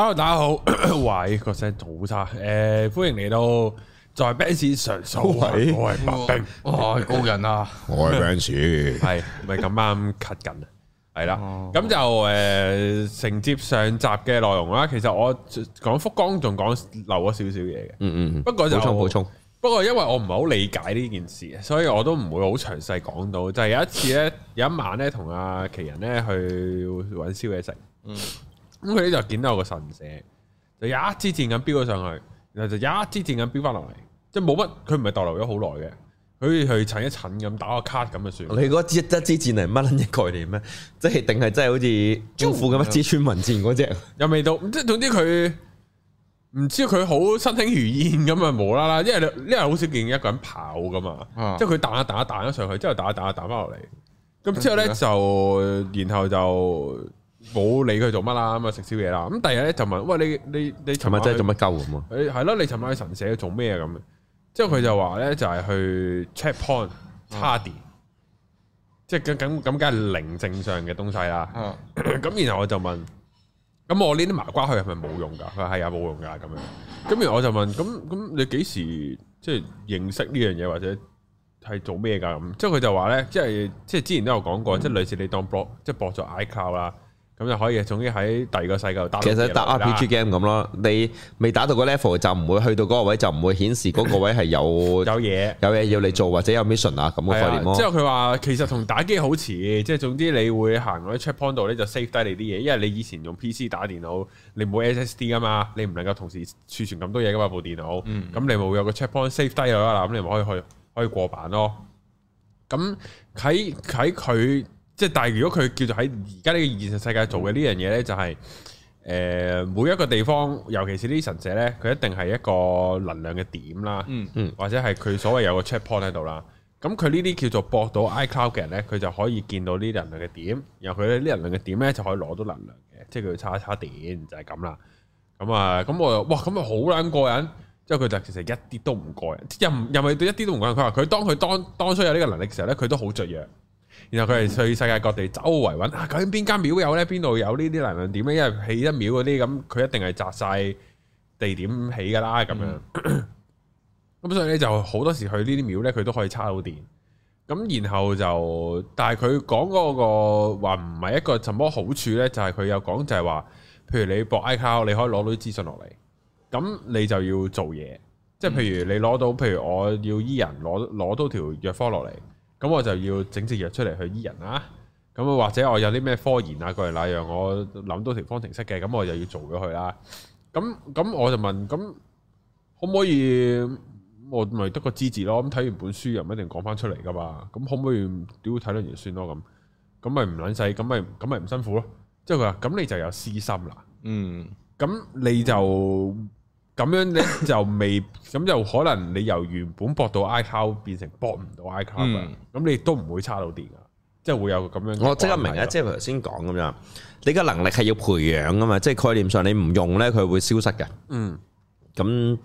Hello 大家好，喂，個聲嘈晒。誒，歡迎嚟到在 Benz 上修行喂，我係白兵，我係高人啊， 我係 Benz，係咪咁啱 cut 緊啊？係啦，咁就誒、是、承、 呃、接上集嘅內容啦。其實我講福光仲講漏咗少少嘢嘅，嗯，嗯嗯。不過就補充補充，不過因為我唔係好理解呢件事，所以我都唔會好詳細講到。就係、是、有一次咧，有一晚咧，同阿、啊、奇人咧去搵宵夜食，嗯。咁佢哋就見到個神社，就有一支箭咁飈咗上去，然後就有一支箭咁飈翻落嚟，即係冇乜，佢唔係逗留咗好耐嘅，佢去襯一襯咁打個卡咁就算。你嗰一支一支箭係乜撚嘅概念咩？即係定係真係好似招呼咁一支穿文箭嗰隻、嗯？又未到。即係總之佢唔知佢好身輕如燕咁啊，無啦啦，因為因為好少見一個人跑噶嘛，即係佢彈一彈一彈咗上去，之後彈一彈一彈翻落嚟，咁之後咧就然後就。冇理佢做乜啦，咁啊食宵夜啦。咁第二日咧就問：喂你你你尋日真係做乜鳩咁啊？誒係咯，你尋晚喺神社做咩啊？咁，之後佢就話咧就係去 check point 叉電，即係咁咁咁，梗係靈性上嘅東西啦。咁然後我就問：咁我呢啲麻瓜佢係咪冇用㗎？佢係啊冇用㗎咁樣。咁然後我就問：咁咁你幾時即係認識呢樣嘢或者係做咩㗎？咁，之後佢就話咧，即係即係之前都有講過，即係類似你當 blog 即係博咗 iCloud 啦。咁就可以，終之總之喺第二個世界度打。其實打 RPG game 咁咯，的你未打到個 level 就唔會去到嗰個位，就唔會顯示嗰個位係有有嘢， 有嘢要你做或者有 mission 啊咁嘅概念咯。即係佢話其實同打機好似，即係總之你會行嗰啲 checkpoint 度咧就 save 低你啲嘢，因為你以前用 PC 打電腦，你冇 SSD 啊嘛，你唔能夠同時儲存咁多嘢噶嘛部電腦。咁你咪會有個 checkpoint save 低咗啦，咁你咪可以去可以過版咯。咁喺喺佢。即係，但係如果佢叫做喺而家呢個現實世界做嘅呢樣嘢咧，就係誒每一個地方，尤其是呢啲神社咧，佢一定係一個能量嘅點啦，嗯，或者係佢所謂有個 check point 喺度啦。咁佢呢啲叫做博到 iCloud 嘅人咧，佢就可以見到呢啲能量嘅點，然後佢咧呢能量嘅點咧就可以攞到能量嘅，即係佢差一差電就係咁啦。咁、就、啊、是，咁我哇，咁啊，好撚過癮！即係佢就其實一啲都唔過癮，又唔又咪一啲都唔過癮。佢話佢當佢當當初有呢個能力嘅時候咧，佢都好雀躍。然後佢係去世界各地周圍揾啊，究竟邊間廟有呢？邊度有呢啲能量點呢？因為起一廟嗰啲咁，佢一定係擇晒地點起噶啦，咁樣。咁、嗯 嗯、所以呢就好多時去呢啲廟呢，佢都可以叉到電。咁然後就，但係佢講嗰個話唔係一個什麼好處呢。就係、是、佢有講就係話，譬如你博 ICO，你可以攞到啲資訊落嚟。咁你就要做嘢，即係譬如你攞到，嗯、譬如我要醫人攞攞到條藥方落嚟。咁我就要整隻藥出嚟去醫人啦。咁或者我有啲咩科研啊，嗰樣那樣，我諗到條方程式嘅，咁我就要做咗佢啦。咁咁我就問，咁可唔可以？我咪得個知字咯。咁睇完本書又唔一定講翻出嚟噶嘛。咁可唔可以屌睇兩年算咯？咁咁咪唔卵使，咁咪咁咪唔辛苦咯。即係佢話：，咁你就有私心啦。嗯，咁你就。咁樣咧就未，咁就可能你由原本駁到 iCloud 變成駁唔到 iCloud，咁、嗯、你都唔會差到電噶，即係會有咁樣。我即刻明啦，即係頭先講咁樣，你嘅能力係要培養噶嘛，即係概念上你唔用咧，佢會消失嘅。嗯，咁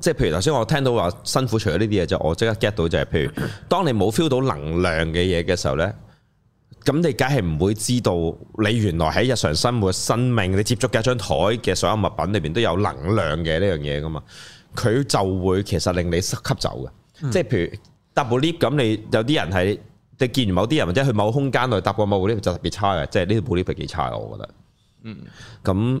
即係譬如頭先我聽到話辛苦，除咗呢啲嘢就，我即刻 get 到就係，譬如當你冇 feel 到能量嘅嘢嘅時候咧。咁你梗係唔會知道，你原來喺日常生活、生命你接觸嘅一張台嘅所有物品裏邊都有能量嘅呢樣嘢噶嘛？佢就會其實令你吸走嘅，嗯、即係譬如搭 lift 咁，你有啲人係，你見完某啲人或者去某個空間內搭過某個 lift 就特別差嘅，即係呢啲 lift 係幾差嘅，我覺得。嗯，咁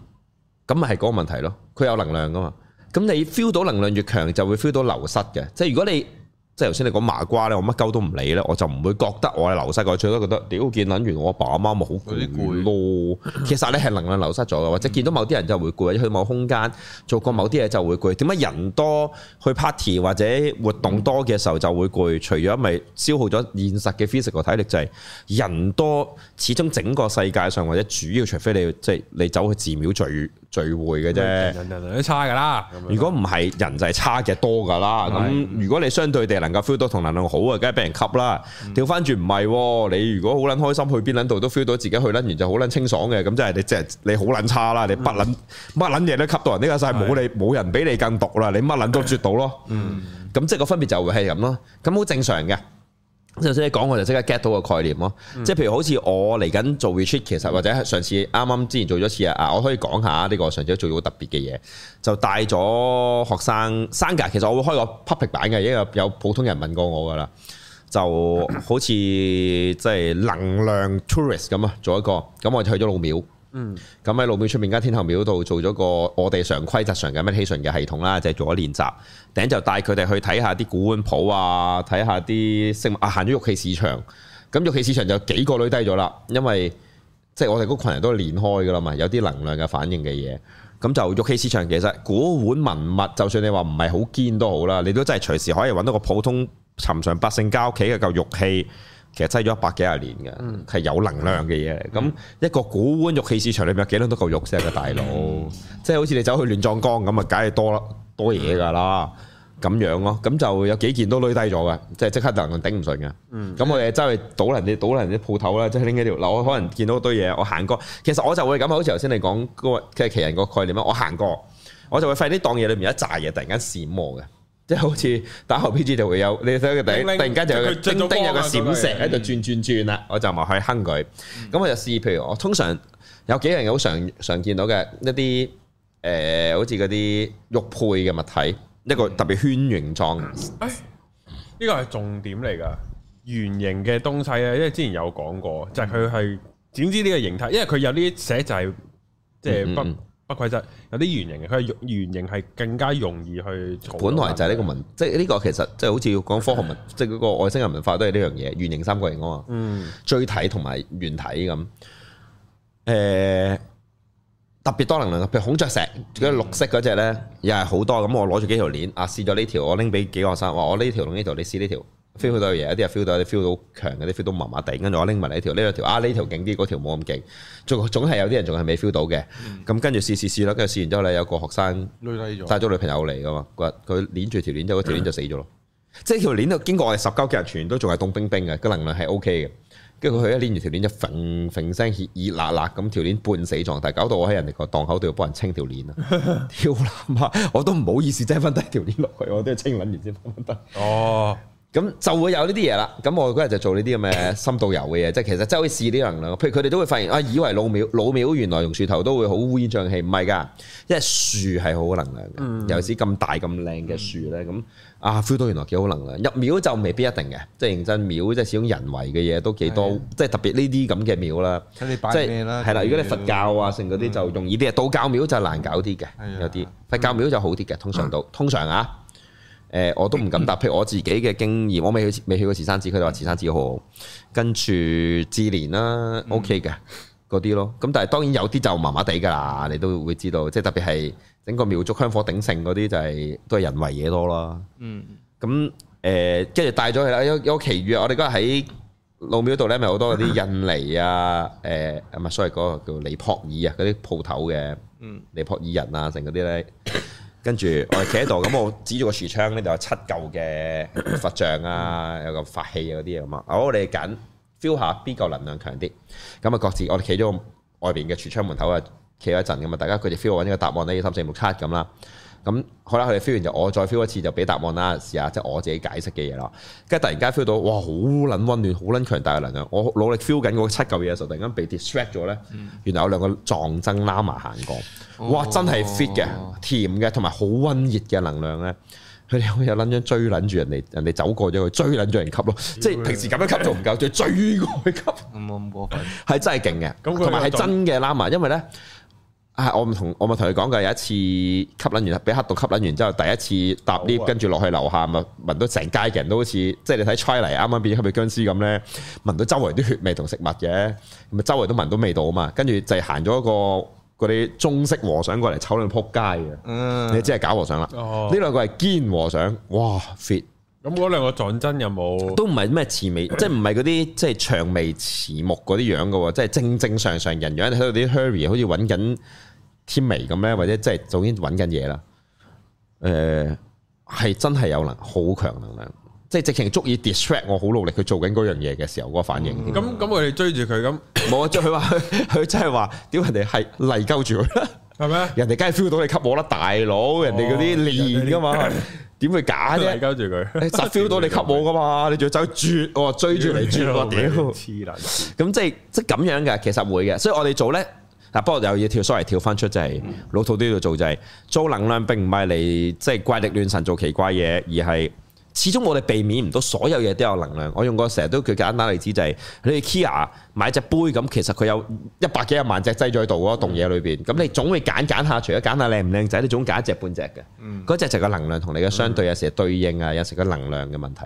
咁咪係嗰個問題咯。佢有能量噶嘛？咁你 feel 到能量越強，就會 feel 到流失嘅。即係如果你即係頭先你講麻瓜咧，我乜鳩都唔理咧，我就唔會覺得我係流失過最多，覺得屌，見撚完我阿爸阿媽咪好攰咯。其實你係能量流失咗啦，或者見到某啲人就會攰，去某空間做過某啲嘢就會攰。點解人多去 party 或者活動多嘅時候就會攰？除咗咪消耗咗現實嘅 physical 體力，就係、是、人多，始終整個世界上或者主要，除非你即係、就是、你走去寺廟聚。聚會嘅啫，人人人都差噶啦。如果唔係，人就係差嘅多噶啦。咁的如果你相對地能夠 feel 到同能量好啊，梗係俾人吸啦。調翻轉唔係，你如果好撚開心去邊撚度都 feel 到自己去撚完就好撚清爽嘅，咁即係你即係你好撚差啦。你乜撚乜撚嘢都吸到人，人呢個世冇你冇人比你更毒啦。你乜撚都絕到咯。的嗯，咁即係個分別就會係咁咯。咁好正常嘅。嗰陣時你講我就即刻 get 到個概念咯，即係譬如好似我嚟緊做 retreat，其實或者上次啱啱之前做咗一次啊，我可以講下呢個上次做咗特別嘅嘢，就帶咗學生三格，其實我會開個 public 版嘅，因為有普通人問過我噶啦，就好似即係能量 tourist 咁啊，做一個咁我就去咗老廟。嗯面面，咁喺路尾出面間天后廟度做咗個我哋常規則上嘅 meditation 嘅系統啦，就係、做咗練習。頂就帶佢哋去睇下啲古玩鋪啊，睇下啲飾物啊，行咗玉器市場。咁玉器市場就有幾個女低咗啦，因為即係我哋嗰群人都係練開㗎啦嘛，有啲能量嘅反應嘅嘢。咁、嗯嗯、就玉器市場其實古玩文物，就算你話唔係好堅都好啦，你都真係隨時可以揾到個普通尋常百姓交屋企嘅嚿玉器。其實擠咗一百幾廿年嘅，係、嗯、有能量嘅嘢。咁一個古玩玉器市場裏面有幾多多嚿玉先啊？大佬，嗯、即係好似你走去亂葬崗咁啊，梗係多啦多嘢㗎啦，咁樣咯。咁就有幾件都攞低咗嘅，即係即刻、嗯、就頂唔順嘅。咁我哋即去倒人哋，倒人哋鋪頭啦，即係拎一條樓，可能見到一堆嘢，我行過。其實我就會咁，好似頭先你講嗰個即係奇人個概念，我行過，我就會發現啲檔嘢裏面一紮嘢，突然間閃磨嘅。即係好似打後 P.G. 就會有，你睇佢第突然間就有個叮、叮、叮、叮有個閃石喺度轉轉轉啦，嗯、我就咪去坑佢。咁、嗯、我就試，譬如我通常有幾樣好常常見到嘅一啲誒、呃，好似嗰啲玉佩嘅物體，一個特別圈形狀。呢、哎呢個係重點嚟㗎，圓形嘅東西咧，因為之前有講過，就係佢係點知呢個形態，因為佢有啲寫就係即係不。就是其實有啲圓形，佢係圓形係更加容易去。本來就係呢個文，即係呢個其實即係好似要講科學文， 即係嗰個外星人文化都係呢樣嘢，圓形三角形啊嘛。嗯，錐體同埋圓體咁。誒、呃，特別多能量，譬如孔雀石嗰綠色嗰隻咧，又係好多。咁我攞住幾條鏈啊，試咗呢條，我拎俾幾個學生話：我呢條同呢條，你試呢條。feel 到嘢，有啲人 feel 到，有啲 feel 到好強嘅，啲 feel 到麻麻地，跟住我拎埋呢條，呢兩條啊，呢條勁啲，嗰條冇咁勁，仲總係有啲人仲係未 feel 到嘅。咁跟住試試試啦，跟住試完之後咧，有個學生帶咗女朋友嚟噶嘛，佢佢攆住條鏈之後，嗰條鏈就死咗咯。嗯、即係條鏈都經過我哋十交幾日，全都仲係凍冰冰嘅，個能量係 OK 嘅。跟住佢一攆住條鏈就馳馳聲熱辣辣咁，條鏈半死狀態，搞到我喺人哋個檔口度幫人清條鏈啊！天啊 我都唔好意思擠翻低條鏈落去，我都要清揾完先翻翻。咁就會有呢啲嘢啦。咁我嗰日就做呢啲咁嘅深度遊嘅嘢，即係其實真係可以試啲能量。譬如佢哋都會發現啊，以為老廟老廟原來用樹頭都會好烏煙瘴氣，唔係㗎，因為樹係好能量嘅。尤其係咁大咁靚嘅樹咧，咁啊 feel 到原來幾好能量。入廟就未必一定嘅，即係認真廟，即係始終人為嘅嘢都幾多。即係特別呢啲咁嘅廟啦，即係咩啦？係啦，如果你佛教啊成嗰啲就容易啲，道教廟就難搞啲嘅，有啲佛教廟就好啲嘅，通常都。通常啊。誒、呃，我都唔敢答。譬如我自己嘅經驗，我未去未去過慈山寺，佢哋話慈山寺好跟住智蓮啦、嗯、OK 嘅嗰啲咯。咁但係當然有啲就麻麻地㗎啦，你都會知道。即係特別係整個苗族香火鼎盛嗰啲，就係都係人為嘢多啦。嗯。咁、呃、誒，跟住帶咗去啦。有有奇遇啊！我哋嗰日喺老廟度咧，咪好多嗰啲印尼啊，誒、啊，唔係 sorry，嗰個叫尼泊爾啊，嗰啲鋪頭嘅，嗯、尼泊爾人啊，成嗰啲咧。跟住我哋企喺度，咁我指住個櫥窗咧，就有七嚿嘅佛像啊，有個法器嗰啲啊嘛。好，我哋揀 feel 下邊嚿能量強啲。咁啊，各自我哋企咗外邊嘅櫥窗門口啊，企咗一陣咁啊，大家佢哋 feel 揾呢個答案呢，要三四六七咁啦。咁好啦，佢哋 feel 完就我再 feel 一次，就俾答案啦。試下即係我自己解釋嘅嘢啦。跟住突然間 feel 到，哇！好撚溫暖，好撚強大嘅能量。我努力 feel 緊嗰七嚿嘢，嘅時候，突然間被 distract 咗咧。原來有兩個藏僧喇嘛行過。哇！真係 fit 嘅，哦、甜嘅，同埋好溫熱嘅能量咧，佢哋好似有捻住追，捻住人哋，人哋走過咗去追捻住人吸咯，即係平時咁樣吸仲唔夠，仲 追過去吸，冇咁過分，係、嗯、真係勁嘅，同埋係真嘅拉嘛。嗯、因為咧，嗯、啊，我唔同我咪同佢講過，有一次吸捻完，俾黑道吸捻完之後，第一次搭 lift，跟住落去樓下，咪聞到成街嘅人都好似，即係你睇 c try 嚟啱啱變咗吸血殭屍咁咧，聞到周圍啲血味同食物嘅，咪周圍都聞到味道啊嘛，跟住就行咗一個。嗰啲中式和尚過嚟，醜到仆街嘅，你真係假和尚啦。呢、哦、兩個係堅和尚，哇 fit。咁嗰兩個撞真有冇？都唔係咩慈眉， 即係唔係嗰啲即係長眉慈目嗰啲樣嘅，即係正正常常人樣。喺度啲 hurry，好似搵緊天眉咁咧，或者即係總之搵緊嘢啦。誒、呃，係真係有能，好強能量。即係直情足以 distract 我，好努力去做緊嗰樣嘢嘅時候，嗰個反應。咁咁，我哋追住佢咁，冇啊！即係佢話，佢真係話，屌人哋係嚟鳩住佢，係咩？人哋梗係 feel 到你吸我啦，大佬！人哋嗰啲練噶嘛，點會假啫？嚟鳩住佢，實 feel 到你吸我噶嘛？你仲要走絕，我追住嚟絕我屌！黐撚咁即係即係咁樣嘅，其實會嘅。所以我哋做咧，嗱不過有嘢跳，sorry 跳翻出就係老土啲度做就係，招能量並唔係嚟即係怪力亂神做奇怪嘢，而係。始終我哋避免唔到所有嘢都有能量。我用過成日都舉簡單例子，就是，就係你 Kia 買隻杯咁，其實佢有一百幾廿萬隻擠喺度嗰棟嘢裏邊。咁、嗯、你總會揀揀下，除咗揀下靚唔靚仔，你總揀一隻半隻嘅。嗰隻、嗯、就係個能量同你嘅相對啊，有時係對應啊，有時個能量嘅問題。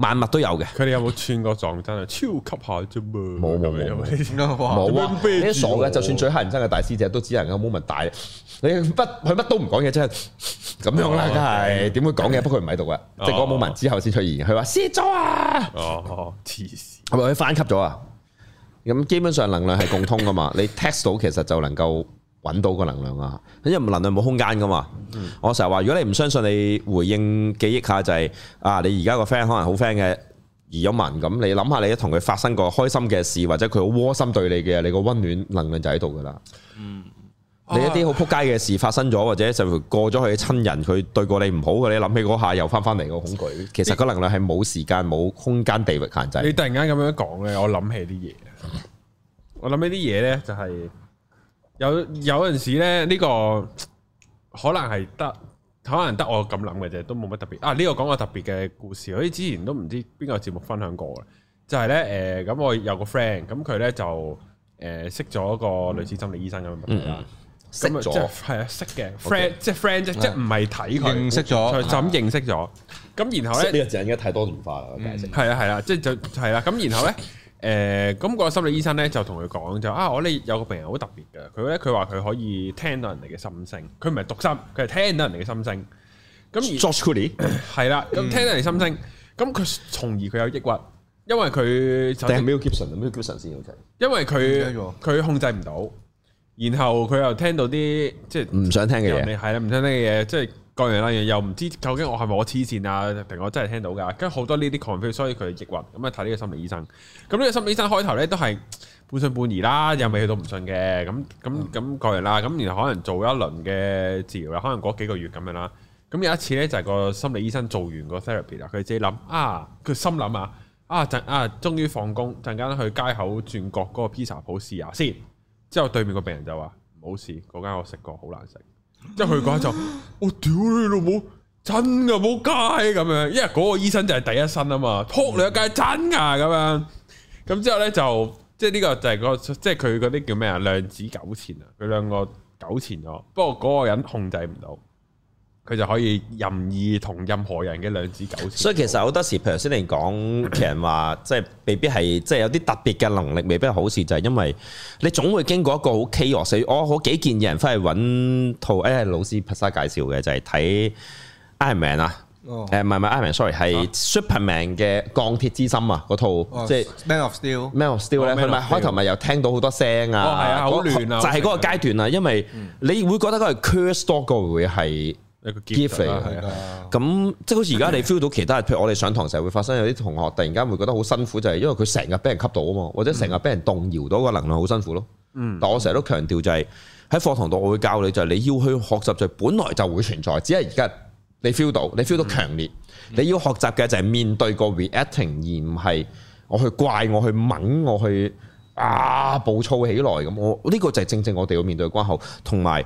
萬物都有嘅，佢哋有冇穿過撞真？冇冇冇啊？超級下啫嘛，冇冇冇冇，冇啊！你傻嘅，就算最黑人憎嘅大師姐都只能夠 moment 大，你乜佢乜都唔講嘢，真係咁樣啦，梗係點會講嘢？哦、不過佢唔喺度啊，哦、即係講 moment 之後先出現。佢話失咗啊！哦哦，黐線，係咪佢翻級咗啊？咁基本上能量係共通噶嘛，你 test 到其實就能夠。揾到個能量啊！因為能量冇空間噶嘛，嗯、我成日話如果你唔相信你回應記憶下就係、是、啊，你而家個 friend 可能好 friend 嘅而有文咁，你諗下你同佢發生個開心嘅事，或者佢好窩心對你嘅，你個溫暖能量就喺度噶啦。嗯、你一啲好仆街嘅事發生咗，或者就過咗佢嘅親人佢對過你唔好嘅，你諗起嗰下又返返嚟個恐懼。其實個能量係冇時間、冇你空間、地域限制。你突然間咁樣講嘅，我諗起啲嘢。 我諗起啲嘢呢，就係、是。有有陣時咧，呢個可能係得，可能得我咁諗嘅啫，都冇乜特別。啊，呢個講個特別嘅故事，好似之前都唔知邊個節目分享過嘅，就係咧誒，咁我有個 friend，咁佢咧就誒識咗個類似心理醫生咁樣，識咗係啊，識嘅 friend，即係 friend 啫，即係唔係睇佢認識咗就咁認識咗。咁然後咧呢個字應該太多年化啦，解釋。係啊係啦，即係就係啦。咁然後咧。誒咁、呃嗰個心理醫生咧就同佢講就啊，我咧有個病人好特別嘅。佢咧佢話佢可以聽到人哋嘅心聲，佢唔係讀心，佢係聽到人哋嘅心聲。咁 Josh Cody 係啦，咁、嗯、聽到人哋心聲，咁佢從而佢有抑鬱，因為佢 Daniel Gibson 先，因為佢佢、嗯、控制唔到，然後佢又聽到啲即係唔想聽嘅嘢，係啦，唔想聽嘅嘢即係。即係講完啦，又唔知究竟我係咪我黐線啊，定我真係聽到噶？跟住好多呢啲 conflict，所以佢抑鬱，咁啊睇呢個心理醫生。咁呢個心理醫生開頭咧都係半信半疑啦，又未去到唔信嘅。咁咁咁講完啦，咁然後可能做一輪嘅治療啦，可能嗰幾個月咁樣啦。咁有一次咧就係個心理醫生做完個 therapy 啦，佢自己諗啊，佢心諗啊啊，啊終於放工，陣間去街口轉角嗰個披薩鋪試下先。之後對面個病人就話冇事，嗰間我食過好難食。即係佢講就，我屌你老母，真噶冇街咁樣，因為嗰個醫生就係第一身啊嘛，扑你個街真噶咁、嗯、樣，咁之後咧就，即係呢個就係、個，即係佢嗰啲叫咩啊，量子糾纏啊，佢兩個糾纏咗，不過嗰個人控制唔到。佢就可以任意同任何人嘅兩字糾纏。所以其實好多時，譬如先嚟講，其實話即係未必係即係有啲特別嘅能力，未必係好事，就係因為你總會經過一個好 chaos。我好幾建議人翻去揾套，誒老師拍沙介紹嘅就係睇 Iron Man 啊，誒唔係唔係 Iron Man，sorry，係 Superman 嘅鋼鐵之心啊，嗰套即係 Man of Steel，Man of Steel 咧，開頭咪又聽到好多聲啊，係啊，好亂啊，就係嗰個階段啊，因為你會覺得嗰個 curse story 係一個 gift 嚟嘅，係啊的，咁即係好似而家你 feel 到其他，譬如我哋上堂成日會發生有啲同學突然間會覺得好辛苦，就係、是、因為佢成日俾人吸到啊嘛，或者成日俾人動搖到個能量，好辛苦咯。嗯、但我成日都強調就係喺課堂度我會教你，就係你要去學習就係、本來就會存在，只係而家你 feel 到，你 feel 到強烈，嗯、你要學習嘅就係面對個 reacting，而唔係我去怪我去掹我去啊暴躁起來咁。我呢、呢個就係正，正正我哋要面對嘅關口，同埋。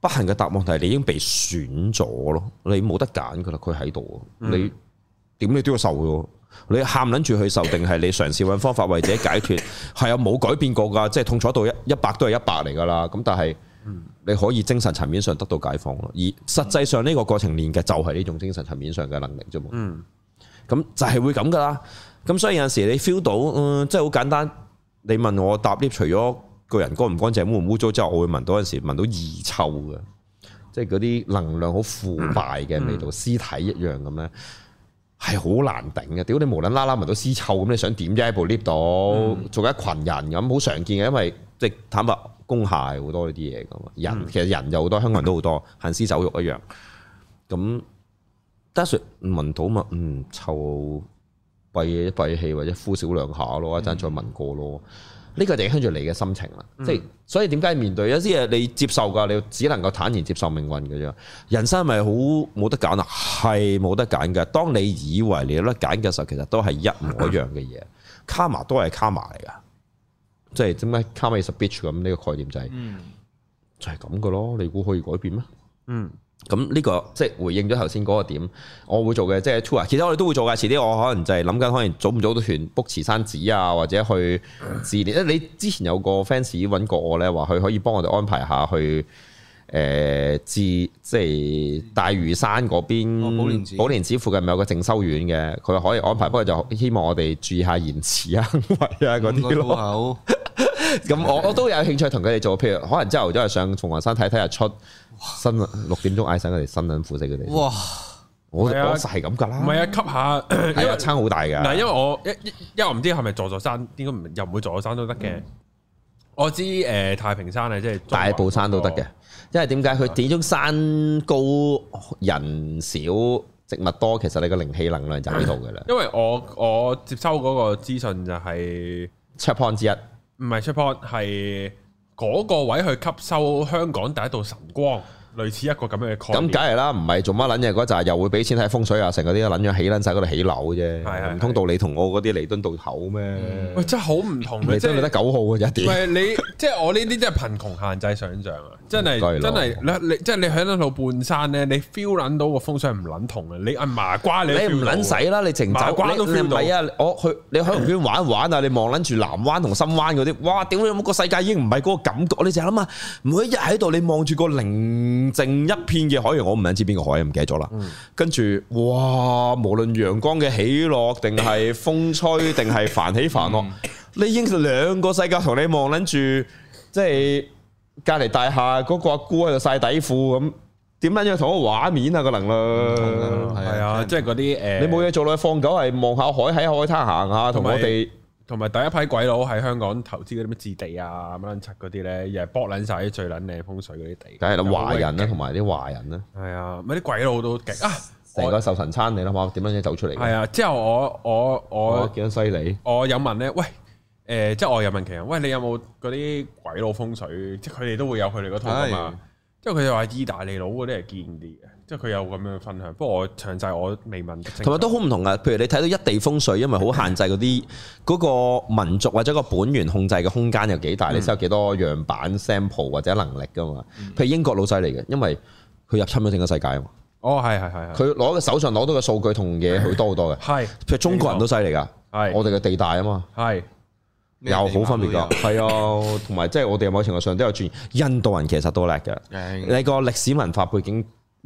不幸嘅答案係你已經被選咗咯，你冇得揀噶啦，佢喺度，你點你都要受佢，你喊諗住去受定係你嘗試揾方法為自己解脫，係啊，冇改變過噶，即係痛楚到一一百都係一百嚟噶啦，咁但係你可以精神層面上得到解放咯，而實際上呢個過程練嘅就係呢種精神層面上嘅能力啫嘛，咁、嗯、就係會咁噶啦，咁所以有陣時你 feel 到，嗯，即係好簡單，你問我答呢，除咗。個人乾唔乾淨污唔污糟之後，我會聞到嗰陣時聞到異臭嘅，即係嗰啲能量好腐敗嘅味道，嗯、屍體一樣咁咧，係好難頂嘅。屌你無論啦啦聞到屍臭，咁你想點啫？部 lift 到做一群人咁好常見嘅，因為即係坦白公廈好多呢啲嘢嘅人其實人又好多，香港人都好多行屍走肉一樣。咁，得説聞到嘛？嗯，臭閉閉氣或者呼少兩下咯，一陣再聞過咯。嗯。呢個就影響住你嘅心情啦，即係所以點解面對有啲嘢你接受㗎，你只能夠坦然接受命運嘅啫。人生咪好冇得揀啊，係冇得揀嘅。當你以為你有得揀嘅時候，其實都係一模一樣嘅嘢， 卡瑪都係卡瑪嚟噶。即係點解卡瑪是 bitch 咁呢個概念就係、是，嗯、就係咁嘅咯。你估可以改變咩？嗯。咁呢個即係回應咗頭先嗰個點，我會做嘅，即係 tour 啊。其實我哋都會做嘅。遲啲我可能就係諗緊，可能早唔早到團 book 慈山寺啊，或者去寺廟。誒，你之前有個 fans 揾過我呢，話佢可以幫我哋安排下去誒寺、呃，即係大嶼山嗰邊、哦、寶蓮寺。寶蓮寺附近咪有個淨修院嘅，佢可以安排。不過就希望我哋注意下言辭啊、行為啊嗰啲。咁我我都有興趣同佢哋做，譬如可能之後都係上鳳凰山睇睇，日出新六點鐘嗌醒佢哋辛苦死佢哋。哇！我我實係咁噶啦，唔係啊，吸下因為差好大噶。嗱，因為我因為我唔知係咪座座山，應該唔又唔會座座山都得嘅。我知誒，太平山啊，即係大步山都得嘅。因為點解佢點解山高人少植物多，其實你個靈氣能量就喺度噶啦。因為我我接收嗰個資訊就係 Check Point 之一。唔係出 port，係嗰個位去吸收香港第一道晨光。類似一個咁樣嘅概念。咁梗係啦，唔係做乜撚嘢嗰陣，又會俾錢喺風水啊，成嗰啲撚樣起撚晒嗰度起樓啫。唔通道理同我嗰啲彌敦道頭咩？喂、嗯欸，真係好唔同嘅，真係得九號嘅一啲。唔係你，即、就、係、是、我呢啲即係貧窮限制想象啊！真係真係你即係、就是、你喺撚到半山咧，你 feel 撚到個風水唔撚同啊。你阿麻瓜，你唔撚使啦，你靜走。麻瓜都唔到。唔係啊，我去你喺南邊玩一玩啊，你望撚住南灣同深灣嗰啲，哇！屌你冇個世界已經唔係嗰個感覺，你成日諗下，每一日喺度你望住個零。靜一片嘅海洋，我唔想知邊個海，唔記得咗啦。跟住、嗯，哇！無論陽光嘅起落，定係風吹，定係繁起繁落，嗯、你已經兩個世界同你望，諗住即係隔籬大廈嗰個阿姑喺度晒底褲咁，點解要同個畫面啊？可、嗰個能量？係啊，即係嗰啲誒，嗯、你冇嘢做咯，放狗係望下海，喺海灘行下，同我哋是。是同埋第一批鬼佬喺香港投資嗰啲咩置地啊乜撚柒嗰啲咧，又係博撚晒啲最撚靚風水嗰啲地，梗係啦，華人啦、啊，同埋啲華人啦，係啊，咪啲、啊、鬼佬都勁啊，成個受神餐你啦嘛，點樣走出嚟？係啊，之後我我我幾咁犀利？我有問咧，喂誒，即、呃、係、就是、我有問其他人，喂你有冇嗰啲鬼佬風水？即係佢哋都會有佢哋嗰套噶嘛？即係佢哋話意大利佬嗰啲係堅啲嘅。即係佢有咁樣分享，不過我詳細我未問。同埋都好唔同噶，譬如你睇到一地風水，因為好限制嗰啲嗰個民族或者個本源控制嘅空間有幾大，你先有幾多樣板 sample 或者能力噶嘛？譬如英國佬犀利嘅，因為佢入侵咗整個世界啊嘛。哦，係係係。佢攞嘅手上攞到嘅數據同嘢好多好多嘅。係，譬如中國人都犀利噶，我哋嘅地大啊嘛。係，又好分別㗎。係啊，同埋即係我哋某程度上都有轉。印度人其實都叻嘅，你個歷史文化背景。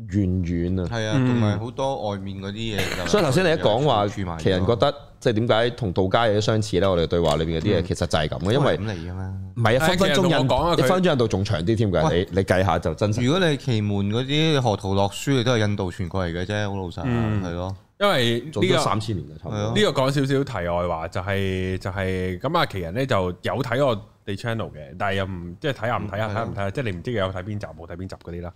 遠遠啊，係啊，同埋好多外面嗰啲嘢，所以頭先你一講話，奇人覺得即係點解同道家有啲相似咧？我哋對話裏邊嗰啲嘢其實就係咁嘅，因為咁嚟㗎嘛。唔係啊，分分鐘印，分分鐘印度仲長啲添㗎。你你計下就真。如果你奇門嗰啲河圖洛書，你都係印度傳過嚟嘅啫，好老實。嗯，係咯，因為做咗三千年啊，差唔多。呢個講少少題外話，就係就係咁啊！奇人咧就有睇我哋 channel 嘅，但係又唔即係睇下唔睇下，睇下唔睇下，即係你唔知佢有睇邊集冇睇邊集嗰啲啦。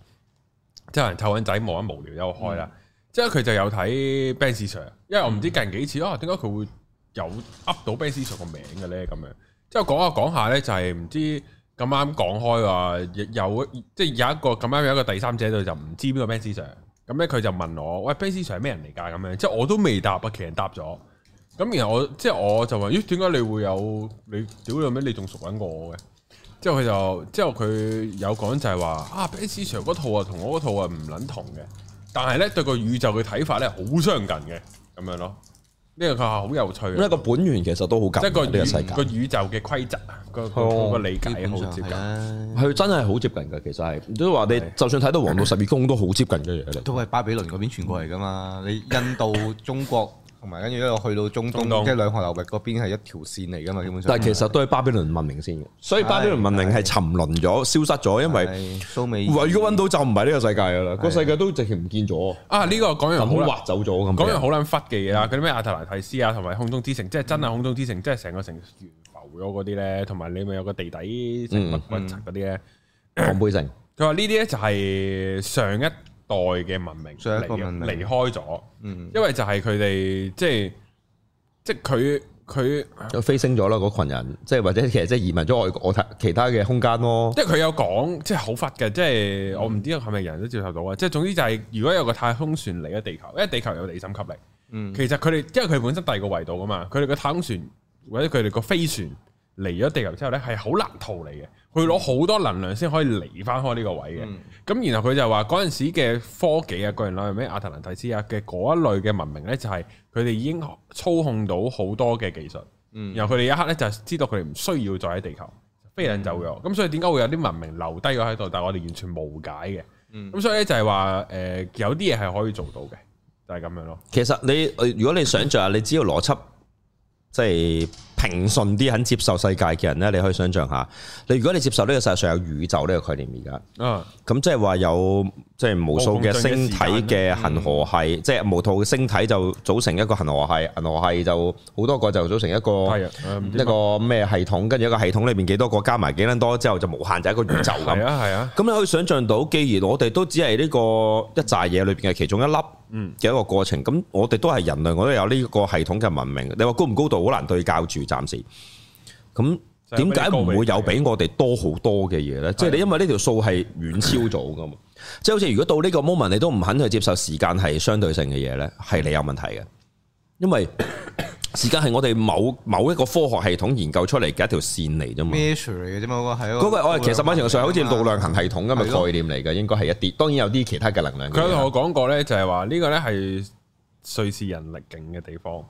即人湊緊仔無一看無聊又開啦，之後佢就有睇 Ben Sir，因為我唔知近人幾次、嗯、啊，點解佢會有噏到 Ben Sir 個名嘅咧咁樣？之後講下講下咧，就係唔知咁啱講開話有，即係有一個咁啱有一個第三者度就唔知邊個 Ben Sir，咁咧佢就問我：喂 Ben Sir 係咩人嚟㗎？咁樣，即係我都未答啊，其他人答咗。咁然後我即係我就問、話：咦點解你會有你屌，點解你仲熟緊我嘅？之後佢就，之後佢有講就係話，啊，彼市場嗰套啊，同我嗰套啊唔卵同嘅，但係咧對個宇宙嘅睇法咧好相近嘅，咁樣咯。呢個佢係好有趣，因為個本源其實都好近，即係個宇個，個宇宙嘅規則啊，個個理解好接近。佢、哦啊、真係好接近噶，其實係都話你，就，你就算睇到黃道十二宮都好接近嘅嘢嚟。 都係巴比倫嗰邊傳過嚟噶嘛，你印度、 中國。同埋跟住咧，我去到中東，即係兩河流域嗰邊係一條線嚟噶嘛，基本上。但係其實都係巴比倫文明先，所以巴比倫文明係沉淪咗、消失咗，因為蘇美。如果搵到就唔係呢個世界噶啦，個世界都直情唔見咗。啊！呢個講嘢好滑走咗，講嘢好撚忽嘅嘢啦，嗰啲咩亞特蘭蒂斯啊，同埋空中之城，即係真係空中之城，即係成個城懸浮咗嗰啲咧，同埋你咪有個地底成密骨層嗰啲咧，龐貝城。佢話呢啲咧就係上一。代嘅文明離開咗，嗯，因為就係佢哋即係即係佢佢就飛升咗啦，嗰群人即係或者其實即係移民咗外國，我睇其他嘅空間咯即。即係佢有講，即係好佛嘅，即係我唔知係咪人都接受到啊。即係、嗯、總之就係如果有個太空船嚟咗地球，因為地球有地心吸力，嗯、其實佢哋因為佢本身第二個維度噶嘛，佢哋個太空船或者佢哋個飛船。嚟咗地球之後呢，係好難逃離嘅。佢攞好多能量先可以離翻開呢個位嘅。咁、嗯、然後佢就話嗰陣時嘅科技啊、個人啊，咩亞特蘭蒂斯啊嘅嗰一類嘅文明呢，就係佢哋已經操控到好多嘅技術。嗯、然後佢哋一刻呢就知道佢哋唔需要再喺地球飛人走咗。咁、嗯、所以點解會有啲文明留低咗喺度？但係我哋完全無解嘅。咁、嗯、所以呢，就係話誒，有啲嘢係可以做到嘅，就係、是、咁樣咯。其實你如果你想像下，你只要邏輯，即、就、係、是。平順啲肯接受世界嘅人咧，你可以想象下。你如果你接受呢個世界上有宇宙呢個概念，而家、啊，嗯，咁即係話有即係無數嘅星體嘅恒河系，即係無數嘅星體就組成一個恒河系，恆河系就好多個就組成一個、嗯、一個咩系統，跟住一個系統裏邊幾多個加埋幾撚多之後就無限就係一個宇宙咁樣，係啊。咁你可以想象到，既然我哋都只係呢個一紮嘢裏邊嘅其中一粒。嗯，嘅一個過程咁，我哋都係人類，我都有呢個系統嘅文明。你話高唔高度好難對較住，暫時。咁點解唔會有比我哋多好多嘅嘢呢？嗯、即係你因為呢條數係遠超咗噶嘛。即係、嗯、好似如果到呢個 moment 你都唔肯去接受時間係相對性嘅嘢呢？係你有問題嘅，因為、嗯。 時間係我哋某某一個科學系統研究出嚟嘅一條線嚟啫嘛，嚟嘅啫嘛。嗰個係我係其實某程度上好似度量衡系統咁嘅概念嚟嘅，應該係一啲，當然有啲其他嘅能量。佢同我講過咧，就係話呢個咧，係瑞士人力勁嘅地方。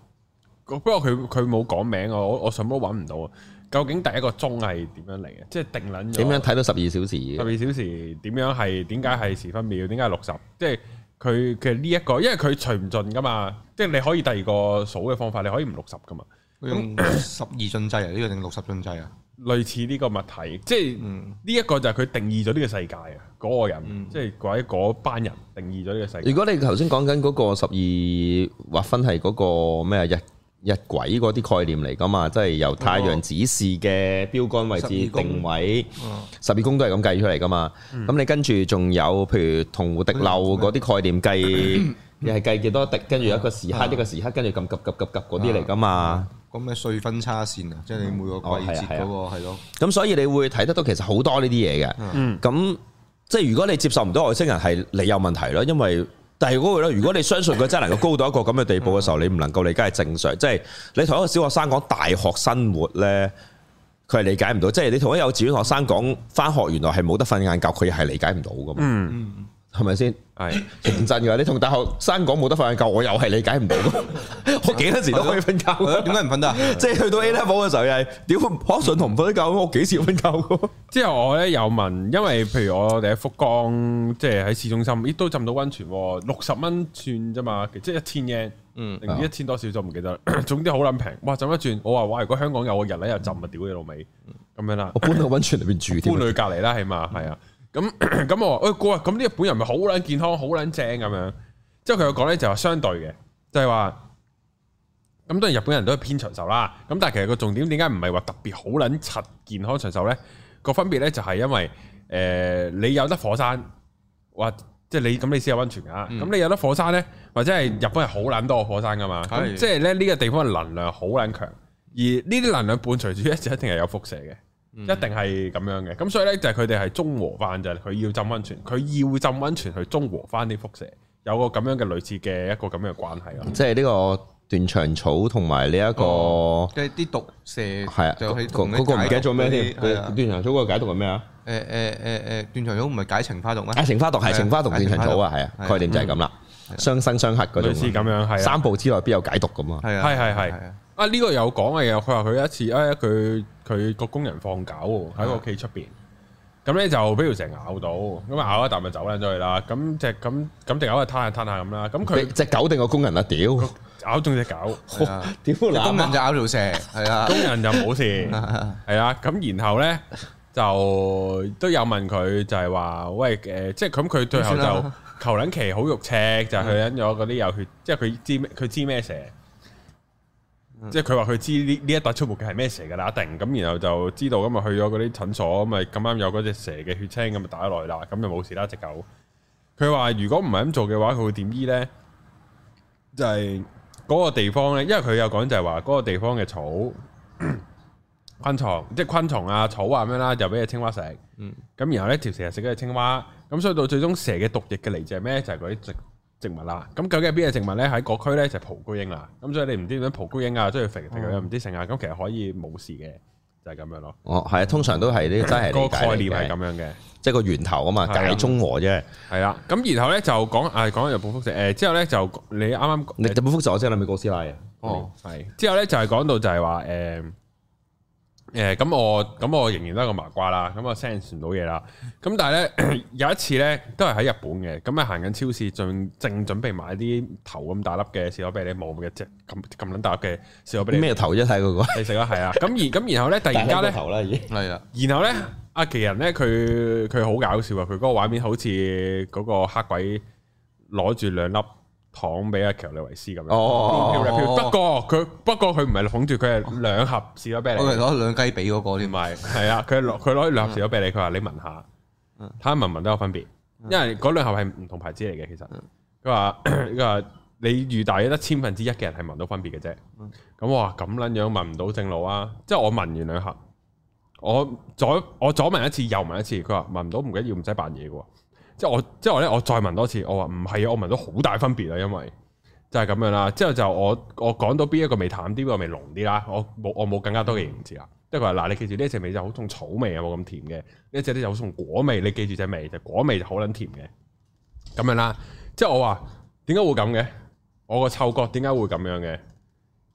不過佢，佢冇講名，我、我、我上邊都揾唔到啊！究竟第一個鐘係點樣嚟嘅？即係定撚咗點樣睇到十二小時？十二小時點樣係點解係時分秒？點解係六十？即係。佢其實呢一個，因為佢除唔盡噶嘛，即係你可以第二個數嘅方法，你可以唔六十噶嘛，佢用十二進制啊，呢 個定六十進制啊，類似呢個物體，即係呢一個就係佢定義咗呢個世界啊，嗰、嗰個人，嗯、即係嗰班人定義咗呢個世界。如果你頭先講緊嗰個十二劃分係嗰個咩啊？日晷嗰啲概念嚟噶嘛，即係由太陽指示嘅標杆位置定位，十二宮都係咁計出嚟噶嘛。咁你跟住仲有，譬如同滴漏嗰啲概念計，你係計幾多滴？跟住一個時刻一個時刻，跟住咁急急急急嗰啲嚟噶嘛。咁咩歲分差線啊？即係你每個季節嗰個係咯。咁所以你會睇得到其實好多呢啲嘢嘅。咁即係如果你接受唔到外星人係你有問題咯，因為。但係嗰句，如果你相信佢真係能夠高到一個咁嘅地步嘅時候，你唔能夠理解係正常的。即係你同一個小學生講大學生活咧，佢係理解唔到。即係你同一個幼稚園學生講返學原來係冇得瞓晏覺，佢係理解唔到㗎嘛。嗯係咪先？係認真噶，你同大學生講冇得瞓覺，我又係理解唔到。我幾多時都可以瞓覺，點解唔瞓得？即係去到 A level 嘅時候又係，屌，可信同唔瞓得覺，我幾時瞓覺？之後我咧又問，因為譬如我哋喺福岡，即係喺市中心，亦都浸到温泉，六十蚊一轉啫嘛，即係一千 yen，一千多少，就唔記得。總之好捻平，哇！浸一轉，我話哇，如果香港有個人喺又浸，屌你老味。咁樣啦，我搬到温泉裏邊住，搬去隔籬啦，起碼係啊。咁咁我話，哎、嗯、高、咁、嗯、呢日本人咪好撚健康，好撚正咁樣。之後佢有講咧，就話相對嘅，就係話，咁當然日本人都係偏長壽啦。咁但係其實個重點點解唔係話特別好撚柒健康長壽咧？那個分別咧就係因為，誒、呃，你有得火山，或即係你咁你先有溫泉啊。咁、嗯、你有得火山咧，或者係日本係好撚多火山噶嘛。咁即係咧呢個地方嘅能量好撚強，而呢啲能量伴隨住一時一定係有輻射嘅。一定係咁樣嘅，咁所以咧就係佢哋係中和翻就係。佢要浸溫泉，佢要浸溫泉去中和翻啲輻射，有個咁樣嘅類似嘅一個咁樣嘅關係咯。即係呢個斷腸草同埋呢一個即係啲毒蛇係啊，嗰個唔記得做咩添？斷腸草個解毒係咩啊？誒誒誒誒，斷腸草唔係解情花毒咩？啊，情花毒係情花毒，斷腸草啊，係啊，概念就係咁啦，相生相克嗰種，類似咁樣，係三步之內必有解毒咁啊，係啊，係係啊，呢個有講嘅嘢，佢話佢一次啊佢。.佢個工人放狗喺個屋企出邊，咁咧就俾條蛇咬到，咁啊咬一啖咪走甩咗去啦。咁隻咁咁條狗啊攤下攤下咁啦。咁佢隻狗定個工人啊？屌！咬中隻狗，工人就咬條蛇，係 啊。工人就冇事，係啊。咁然後咧就都有問佢，就係、是、話喂誒、呃，即係咁佢最後就，就求緊期好肉赤，啊、就去緊咗嗰啲有血，即係佢知咩佢知咩蛇。即係佢話佢知呢呢一帶出沒嘅係咩蛇㗎啦，一定咁，然後就知道咁咪去咗嗰啲診所，咁咪咁啱有嗰隻蛇嘅血清，咁咪打咗落去啦，咁就冇事啦，隻狗。佢話如果唔係咁做嘅話，佢會點醫咧？就係、是、嗰個地方咧，因為佢有講就係話嗰個地方嘅草、 昆蟲，即係昆蟲啊、草啊咁樣啦，就俾隻青蛙食。咁、嗯、然後咧條蛇食咗隻青蛙，咁所以到最終蛇嘅毒液嘅嚟自係咩？就係嗰啲植。嗯、植物啦，咁究竟係邊嘅植物咧？喺各區咧就蒲公英啦，咁所以你唔知點樣蒲公英啊，都要肥肥佢，唔知食啊，咁其實可以冇事嘅，就係、是、咁樣咯。哦，係啊，通常都係呢、這個，嗯、真係個概念係咁樣嘅，即係個源頭啊嘛，啊解中和啫。係啦、啊，咁然後咧就講，誒、啊，講到日本輻射，誒、呃，之後咧就你啱啱，日本輻射我即係諗起哥斯拉啊。哦，係。之後咧就係講到就係話，誒、呃。誒咁、嗯、我咁我仍然都係個麻瓜啦，咁我 sense 唔到嘢啦。咁但係咧有一次咧，都係喺日本嘅，咁啊行緊超市，正正準備買啲頭咁大粒嘅士多啤梨冇嘅啫，咁咁撚大粒嘅士多啤梨咩？頭一睇嗰個你食啊，係啊。咁然咁然後咧，突然間咧，頭啦已經係啦。然後咧，阿奇人咧，佢佢好搞笑啊！佢嗰個畫面好似嗰個黑鬼攞住兩粒。捧俾阿喬利維斯咁樣，不過佢不過佢唔係捧住，佢係兩盒士多啤梨，攞兩雞髀嗰個，同埋係啊，佢攞佢攞兩盒士多啤梨。佢話你聞下，睇下聞唔聞到有分別，因為嗰兩盒係唔同牌子嚟嘅，其實佢話佢話你預大約得千分之一嘅人係聞到分別嘅啫，咁哇咁撚樣聞唔到正路啊！即係我聞完兩盒，我左我左聞一次，右聞一次，佢話聞唔到唔緊要，唔使扮嘢嘅喎。即係我，即係我咧，我再聞多次，我話唔係，我聞到好大分別啊，因為就係咁樣啦。之後就我我講到邊一個味淡啲，邊個味濃啲啦。我冇我冇更加多嘅形容詞。即係佢話嗱，你記住呢一隻味就好重草味啊，冇咁甜嘅；呢一隻咧就好重果味，你記住隻味就果味就好捻甜嘅。咁樣啦。即係我話，點解會咁嘅？我個嗅覺點解會咁樣嘅？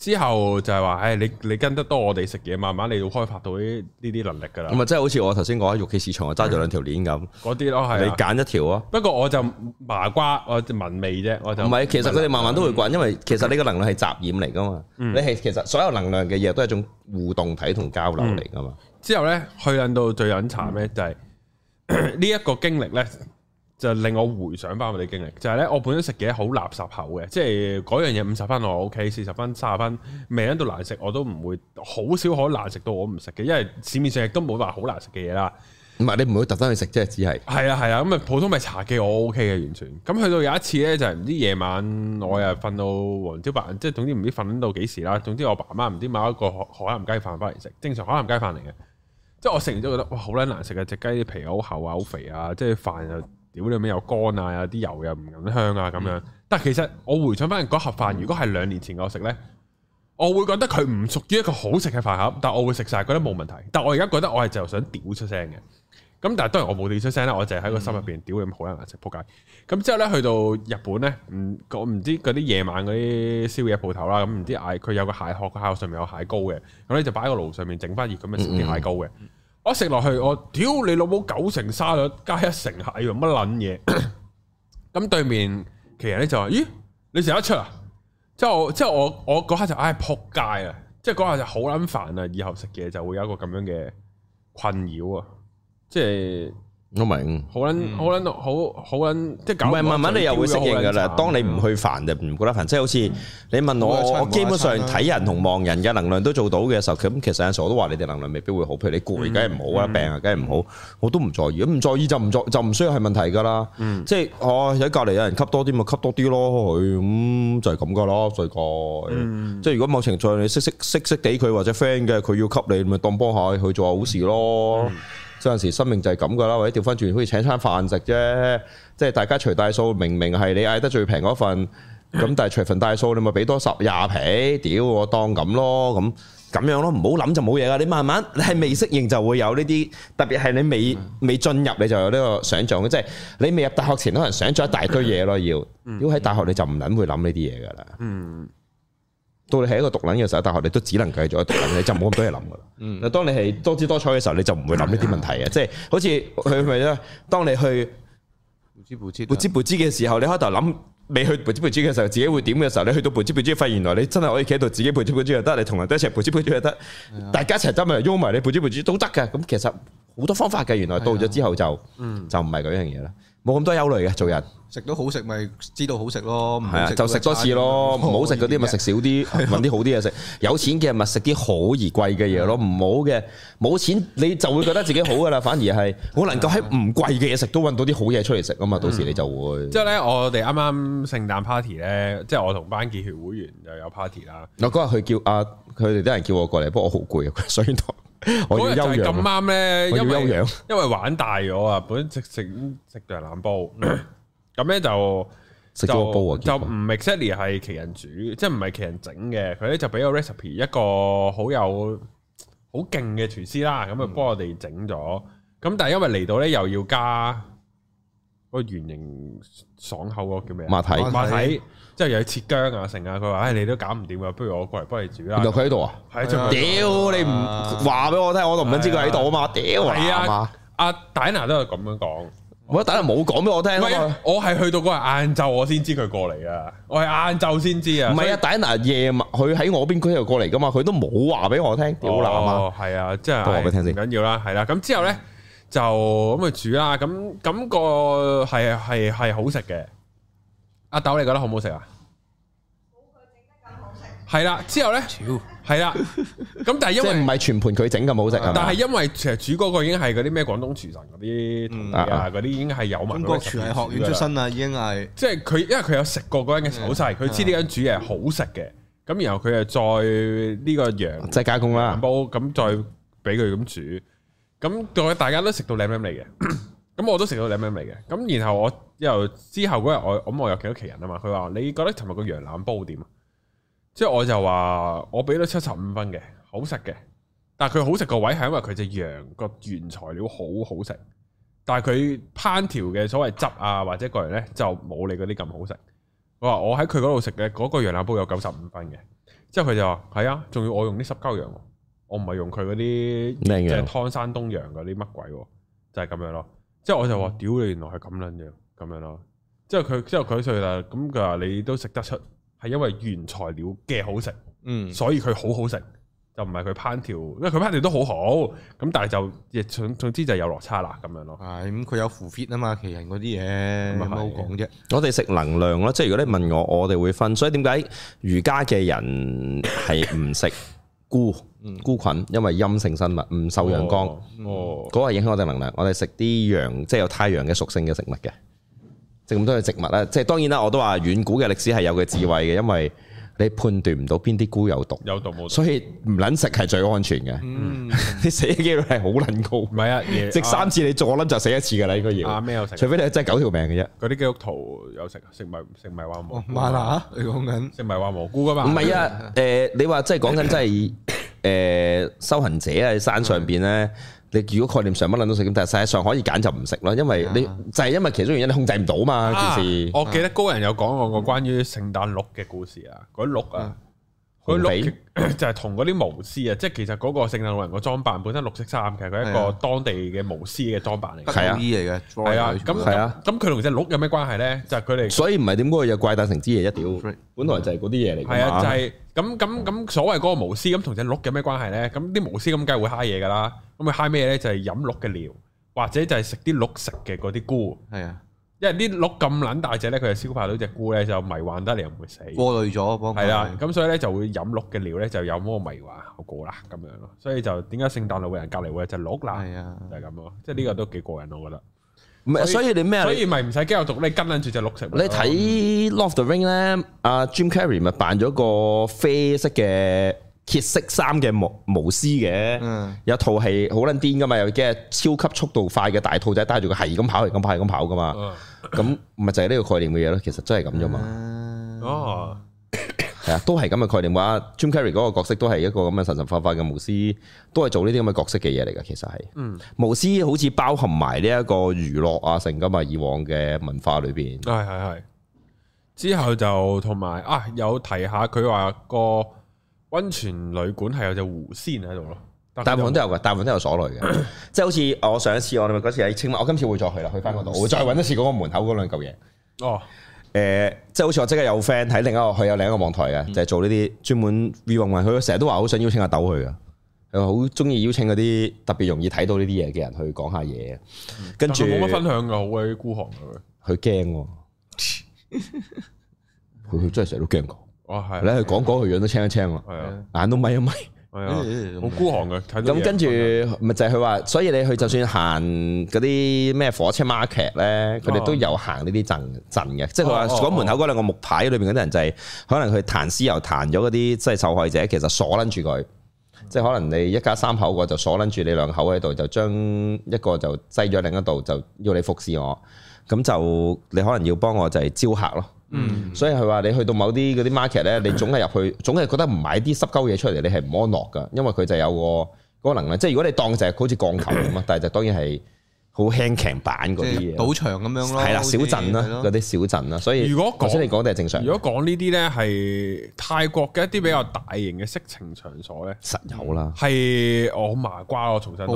之後就係話，誒、哎，你你跟得多我哋食嘢，慢慢你要開發到呢呢啲能力噶啦。咁啊，即係好似我頭先講喺玉器市場我揸住兩條鏈咁，嗰啲、嗯、咯係你揀一條啊。不過我就麻瓜，我聞味啫，我就唔係。其實佢哋慢慢都會滾，因為其實呢個能量係雜染嚟噶嘛。嗯、你係其實所有能量嘅嘢都係一種互動體同交流嚟噶嘛。之後咧去印到最查咧就係呢一個經歷咧。就令我回想翻我哋經歷，就係咧，我本身食嘢好垃圾口嘅，即係嗰樣嘢五十分我 OK，四十分，三十分未，喺度難食我都唔會，好少可難食到我唔食嘅，因為市面上亦都冇話好難食嘅嘢啦。唔係你唔會特登去食，即係只係。係啊係啊，咁啊，普通咪茶記我 OK 嘅完全。咁去到有一次咧，就係唔知夜晚我又瞓到黃朝白，即係總之唔知瞓到幾時啦。總之我爸媽唔知買一個海南雞飯翻嚟食，正常海南雞飯嚟嘅，即係我食完之後覺得哇好撚難食啊！隻雞皮好厚啊，好肥啊，即係飯又～屌你咩又乾啊，有啲油又唔咁香啊咁樣，但係其實我回想翻嗰盒飯，如果係兩年前我食咧，我會覺得佢唔屬於一個好食嘅飯盒，但我會食晒覺得冇問題。但係我而家覺得我係就想屌出聲嘅，咁但係當然我冇屌出聲啦，我淨係喺個心入邊屌咁好難食仆街。咁之後咧去到日本咧，唔我唔知嗰啲夜晚嗰啲宵夜鋪頭啦，咁唔知嗌佢有個蟹殼，個殼上面有蟹膏嘅，咁咧就擺個爐上面整翻熱，咁咪食啲蟹膏嘅。我食落去，我屌你老母九成沙律加一成蟹，用乜撚嘢？咁 對面其人咧就話：咦，你食得出啊？即係我即係我我嗰刻就唉扑街啊！即係嗰刻就好撚煩啊！以後食嘢就會有一個咁樣嘅困擾啊！即係。我明，好捻好捻好好捻，即係咁。唔係，慢慢你又會適應噶啦。當你唔去煩就唔覺得煩，即係好似你問我，我基本上睇人同望人嘅能量都做到嘅時候，咁其實有時我都話你哋能量未必會好。譬如你攰，梗係唔好啊，病啊，梗係唔好。我都唔在意，唔在意就唔在就唔需要係問題噶啦。即係我喺隔籬有人吸多啲咪吸多啲咯，佢咁就係咁噶咯。再講，即係如果某程度你識識識識畀佢或者 friend 嘅，佢要吸你咪當幫下去做下好事咯。嗰陣時生命就係咁噶啦，或者調翻轉可以請餐飯食啫，即係大家除大數明明係你嗌得最平嗰份，咁但係除份大數你咪俾多十廿皮，屌我當咁咯，咁咁樣咯，唔好諗就冇嘢噶，你慢慢你係未適應就會有呢啲，特別係你未未進入你就有呢個想像，即係你未入大學前可能想咗一大堆嘢咯，要如果喺大學你就唔撚會諗呢啲嘢噶啦。嗯。到你係一個獨撚嘅時候，大學你都只能繼續喺度撚，你就冇咁多嘢諗噶啦。嗯，嗱，當你係多姿多彩嘅時候，你就唔會諗呢啲問題嘅。即係好似佢咪咧，當你去步之步之步之步之嘅時候，你開頭諗未去步之步之嘅時候，自己會點嘅時候，你去到步之步之，發現原來你真係可以企喺度自己步之步之又得，你同人都一齊步之步之又得，大家一齊執埋嚟喐埋你步之步之都得嘅。咁其實好多方法嘅，原來到咗之後就就唔係嗰樣嘢啦，冇咁多憂慮嘅做人。食到好食咪知道好食咯，係啊，就食多次咯。唔好食嗰啲咪食少啲，揾啲好啲嘢食。有錢嘅咪食啲好而貴嘅嘢咯，唔好嘅冇錢你就會覺得自己好㗎喇。反而係我能夠喺唔貴嘅嘢食都揾到啲好嘢出嚟食㗎嘛。到時你就會。即係咧，我哋啱啱聖誕 party 咧，即係我同班結協會員又有 party 啦。我嗰日佢叫阿佢哋啲人叫我過嚟，不過我好攰啊，所以都我休養咁啱咧，因為因為玩大咗啊，本食食食羊腩煲。咁咧就就就唔 exactly 係其人煮，即係唔係其人整嘅。佢咧就俾個 recipe 一個好有好勁嘅廚師啦，咁啊幫我哋整咗。咁但係因為嚟到咧又要加嗰個圓形爽口個叫咩？馬蹄馬蹄，即係又要切薑啊，成啊。佢話：唉，你都搞唔掂㗎，不如我過嚟幫你煮啦。原來佢喺度啊！係，屌你唔話俾我聽，我都唔知佢喺度啊嘛！屌啊！啊，阿戴娜都係咁樣講。大我第一冇講俾我聽，我係去到嗰日晏晝我先知佢過嚟啊！以我係晏晝先知啊！唔係啊，第一日夜晚佢喺我邊嗰度過嚟噶嘛，佢都冇話俾我聽，屌你嘛！係啊，即係唔緊要啦，係啦，咁之後咧就咁去煮啦，咁感覺係係係好食嘅。阿豆，你覺得好唔好食啊？係啦，之後咧，係啦。咁但係因為唔係全盤佢整咁好食啊。但係因為其實煮嗰個已經係嗰啲咩廣東廚神嗰啲啊，嗰啲已經係有名中國廚藝學院出身啊，已經係即係佢，因為佢有食過嗰間嘅手勢，佢知呢間煮嘢係好食嘅。咁然後佢又再呢個羊即係加工啦，煲咁再俾佢咁煮，咁再大家都食到舐舐味嘅。咁我都食到舐舐味嘅。咁然後我又之後嗰日我咁我有幾多奇人啊嘛？佢話你覺得琴日個羊腩煲點啊？即係我就話我俾咗七十五分嘅，好食嘅。但係佢好食個位係因為佢隻羊個原材料好好食，但係佢烹調嘅所謂汁啊或者過個人咧就冇你嗰啲咁好食。我話我喺佢嗰度食嘅嗰個羊腩煲有九十五分嘅。之後佢就話係啊，仲要我用啲濕鳩羊、哦，我唔係用佢嗰啲即係湯山東羊嗰啲乜鬼、哦，就係咁樣咯。之後我就話屌你，原來係咁樣樣咁樣咯。之後佢之後佢佢就咁佢話你都食得出。係因為原材料嘅好食，嗯，所以佢好好食，就唔係佢烹調，因為佢烹調都好好，咁但係就亦總總之就有落差啦咁樣咯。係、哎，咁佢有腐 fit 啊嘛，其人嗰啲嘢好講啫。的我哋食能量咯，即係如果你問我，我哋會分。所以點解瑜伽嘅人係唔食菇、 嗯、菇菌，因為陰性生物唔受陽光哦。哦，嗰個係影響我哋能量。我哋食啲陽，即、就、係、是、有太陽嘅屬性嘅食物嘅。咁多嘅植物啦，即係當然啦，我都話遠古嘅歷史係有佢智慧嘅，因為你判斷唔到邊啲菇有毒，有毒冇，所以唔捻食係最安全嘅。嗯，你死嘅機率係好捻高，唔係啊？食三次你再捻就死一次噶啦，應該要。啊，咩有食？除非你真係九條命嘅啫。嗰啲基督徒有食食埋食埋話蘑，咩啊？你講緊食埋話蘑菇噶嘛？唔係啊？誒，你話即係講緊即係誒修行者喺山上邊咧。你如果概念上乜撚都食咁大曬，但世界上可以揀就唔食啦，因為你、啊、就係因為其中原因你控制唔到嘛件、啊、事。我記得高人有講過個關於聖誕鹿嘅故事、嗯、那啊，嗰鹿啊，佢不就係同嗰啲巫師啊，即係其實嗰個聖誕老人個裝扮本身綠色衫其實，佢係一個當地嘅巫師嘅裝扮嚟嘅，係的、嗯、啊，衣嚟嘅，係啊、嗯，咁，係、嗯、啊，咁佢同隻鹿有咩關係咧？就係佢哋，所以唔係點解有怪誕成之嘢一屌，本來就係嗰啲嘢嚟嘅嘛。係啊，就係咁咁咁所謂嗰個巫師咁同隻鹿有咩關係咧？咁啲巫師咁梗係會揩嘢㗎啦，咁咪揩咩咧？就係、是、飲鹿嘅尿，或者就係食啲鹿食嘅嗰啲菇。係啊。因為啲鹿咁撚大隻咧，佢就消化到隻菇咧，就迷幻得嚟又唔會死。過濾咗，係啦。咁所以咧就會飲鹿嘅尿咧，就有魔迷幻效果啦。咁樣咯，所以就點解聖誕老人隔籬會有隻鹿啦？係啊，就係咁咯。即係呢個都幾過癮，我覺得。唔係，所以你咩？所以咪唔使驚有毒，你跟撚住隻鹿食。你睇《Love the Ring》咧，阿 Jim Carrey 咪扮咗個啡色嘅鐵色衫嘅魔巫師嘅。嗯。有套戲好撚癲噶嘛？又即係超級速度快嘅大兔仔戴住個鞋咁跑，係咁跑，係咁跑噶嘛？嗯。咁咪就係呢個概念嘅嘢咯，其實真係咁啫嘛。哦，係啊， 都係咁嘅概念。話 Jim Carrey 嗰個角色都係一個咁嘅神神化化嘅巫師，都係做呢啲咁嘅角色嘅嘢嚟噶。其實係，嗯、巫師好似包含埋呢一個娛樂啊，成噶嘛，以往嘅文化裏邊。係係係，之後就同埋啊，有提下佢話個溫泉旅館係有隻狐仙喺度咯。大部分都有嘅，大部分都有所類嘅，咳咳，即係好似我上一次我哋嗰次喺青，我今次會再去啦，去翻嗰度，我會再揾一次嗰個門口嗰兩嚿嘢。哦，誒、呃，即係好似我即刻有 friend 喺另一個，佢有另一個網台嘅，就係、是、做呢啲專門 viewing，佢成日都話好想邀請阿斗去啊，佢話好中意邀請嗰啲特別容易睇到呢啲嘢嘅人去講下嘢，跟住冇乜分享噶，好鬼孤寒佢，佢驚，佢佢真係成日都驚講，哦係的，你講講佢樣都青一青，係啊，眼都咪一咪。係啊，好孤寒嘅。咁跟住咪就係佢話，所以你去就算行嗰啲咩火車 market 咧，佢哋都有行呢啲鎮鎮嘅。即係佢話，嗰門口嗰兩個木牌裏邊嗰啲人就係可能佢彈屍又彈咗嗰啲，即係受害者其實鎖捻住佢。即係可能你一家三口個就鎖捻住你兩口喺度，就將一個就擠咗另一度，就要你服侍我。咁就你可能要幫我就係招客咯。嗯，所以佢話你去到某啲嗰啲 market 咧，你總係入去，總係覺得唔買啲濕鳩嘢出嚟，你係唔安樂噶，因為佢就有個嗰能量。即係如果你當隻係好似鋼琴咁啊，但係就當然係好輕鬆版嗰啲賭場咁樣咯，係啦，小鎮啦嗰啲小鎮啦，所以如果講頭先你講都係正常。如果講呢啲咧係泰國嘅一啲比較大型嘅色情場所咧，實有啦。係我好麻瓜，我從細到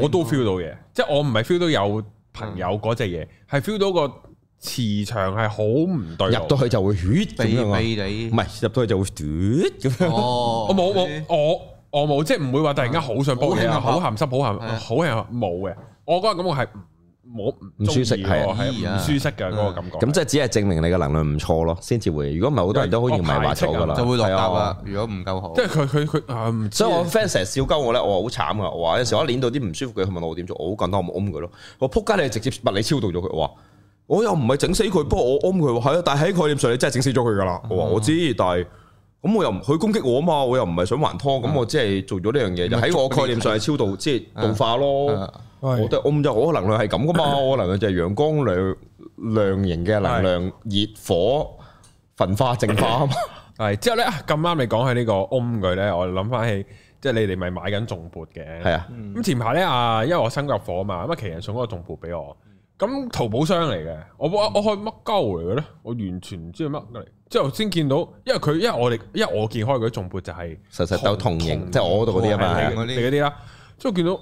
我都 feel 到嘅，即係我唔係 feel 到有朋友嗰隻嘢，係 feel 到個。磁場係好唔對，入到去就會血地，樣唔係入到去就會斷咁樣。我冇冇我我冇，即係唔會話突然間好想上波，好鹹濕，好鹹好係冇嘅。我嗰個感覺係唔冇唔舒適，係唔舒適嘅嗰個感覺。咁即係只係證明你嘅能量唔錯咯，先至會。如果唔係，好多人都好認為話錯噶啦，就會落架啦。如果唔夠好，即係佢佢佢，所以我 friend 成日笑鳩我咧，我好慘啊！我話，我有陣時我捻到啲唔舒服嘅，佢問我點做，我好簡單，我 o m 佢咯，我撲街你係直接物理超度咗佢，我話。我又唔係整死佢，不過我 o 佢話係啊，但喺概念上，你真係整死咗佢噶啦。我話我知，但係咁我又唔佢攻擊我啊嘛，我又唔係想還拖，咁我只係做咗呢樣嘢，就喺我概念上係超度，即係度化咯。我覺得 o 就好，能量係咁噶嘛，我能量就係陽光亮型嘅能量，熱火焚化淨化啊嘛。係之後咧咁啱，你講起呢個 o 佢咧，我諗翻起即係你哋咪買緊重缽嘅，係啊。咁前排咧啊，因為我新入伙啊嘛，咁啊奇人送嗰個重缽俾我。咁淘寶商嚟嘅，我我我開乜鳩嚟嘅咧？我完全唔知係乜嚟，之後先見到，因為佢因為我哋因為我見開嗰啲頌缽就係實實有同型，即係我嗰度嗰啲啊嘛，係你嗰啲啦，之後見到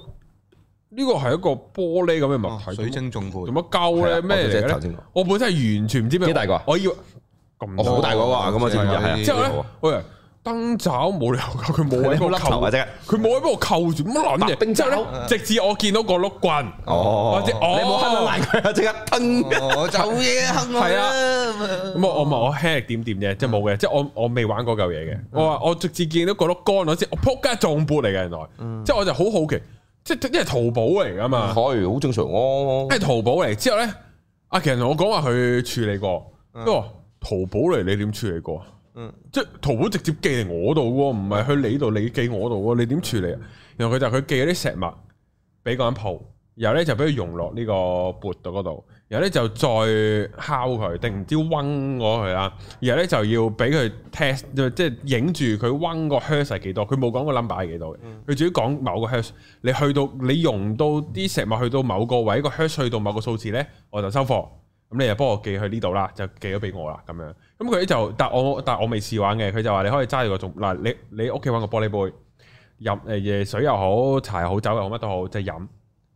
呢個係一個玻璃咁嘅物體，水晶頌缽做乜鳩咧？咩我本身係完全唔知邊，幾大個？我以為咁好大個喎，咁啊，即係咧，喂。燈罩冇理由，佢冇喺度扣嘅啫，佢冇喺嗰度扣住，乜卵嘅。直至我見到個碌棍，哦，你冇敲爛，直接掟走嘢啊！係啊，咁我我我輕力點點啫，即係冇嘅，即係我我未玩過嚿嘢嘅。我話我直至見到個碌桿，我知我扑街撞盤嚟嘅原來。之後我就好好奇，即係因為淘寶嚟噶嘛，可以好正常。我係淘寶嚟，之後咧，阿奇同我講話佢處理過，不過淘寶嚟你點處理過？嗯，即係淘寶直接寄嚟我度喎，唔係去你度，你寄我度喎，你點處理啊？然後佢就佢寄啲石墨俾個鋪，然後咧就俾佢融落呢個缽度嗰度，然後咧就再敲佢，定唔知溫我佢啦，然後咧就要俾佢 test，即係影住佢溫個 hertz 係幾多，佢冇講個 number 係幾多嘅，佢主要講某個 hertz，你去到你用到啲石墨去到某個位，個 hertz 去到某個數字咧，我就收貨。咁你就幫我寄去呢度啦，就寄咗俾我啦，咁樣。咁佢啲就，但我但我未試玩嘅。佢就話你可以揸住個粽，嗱，你你屋企揾個玻璃杯，飲誒嘢、呃、水又好，茶又好，酒又好，乜都好，就飲。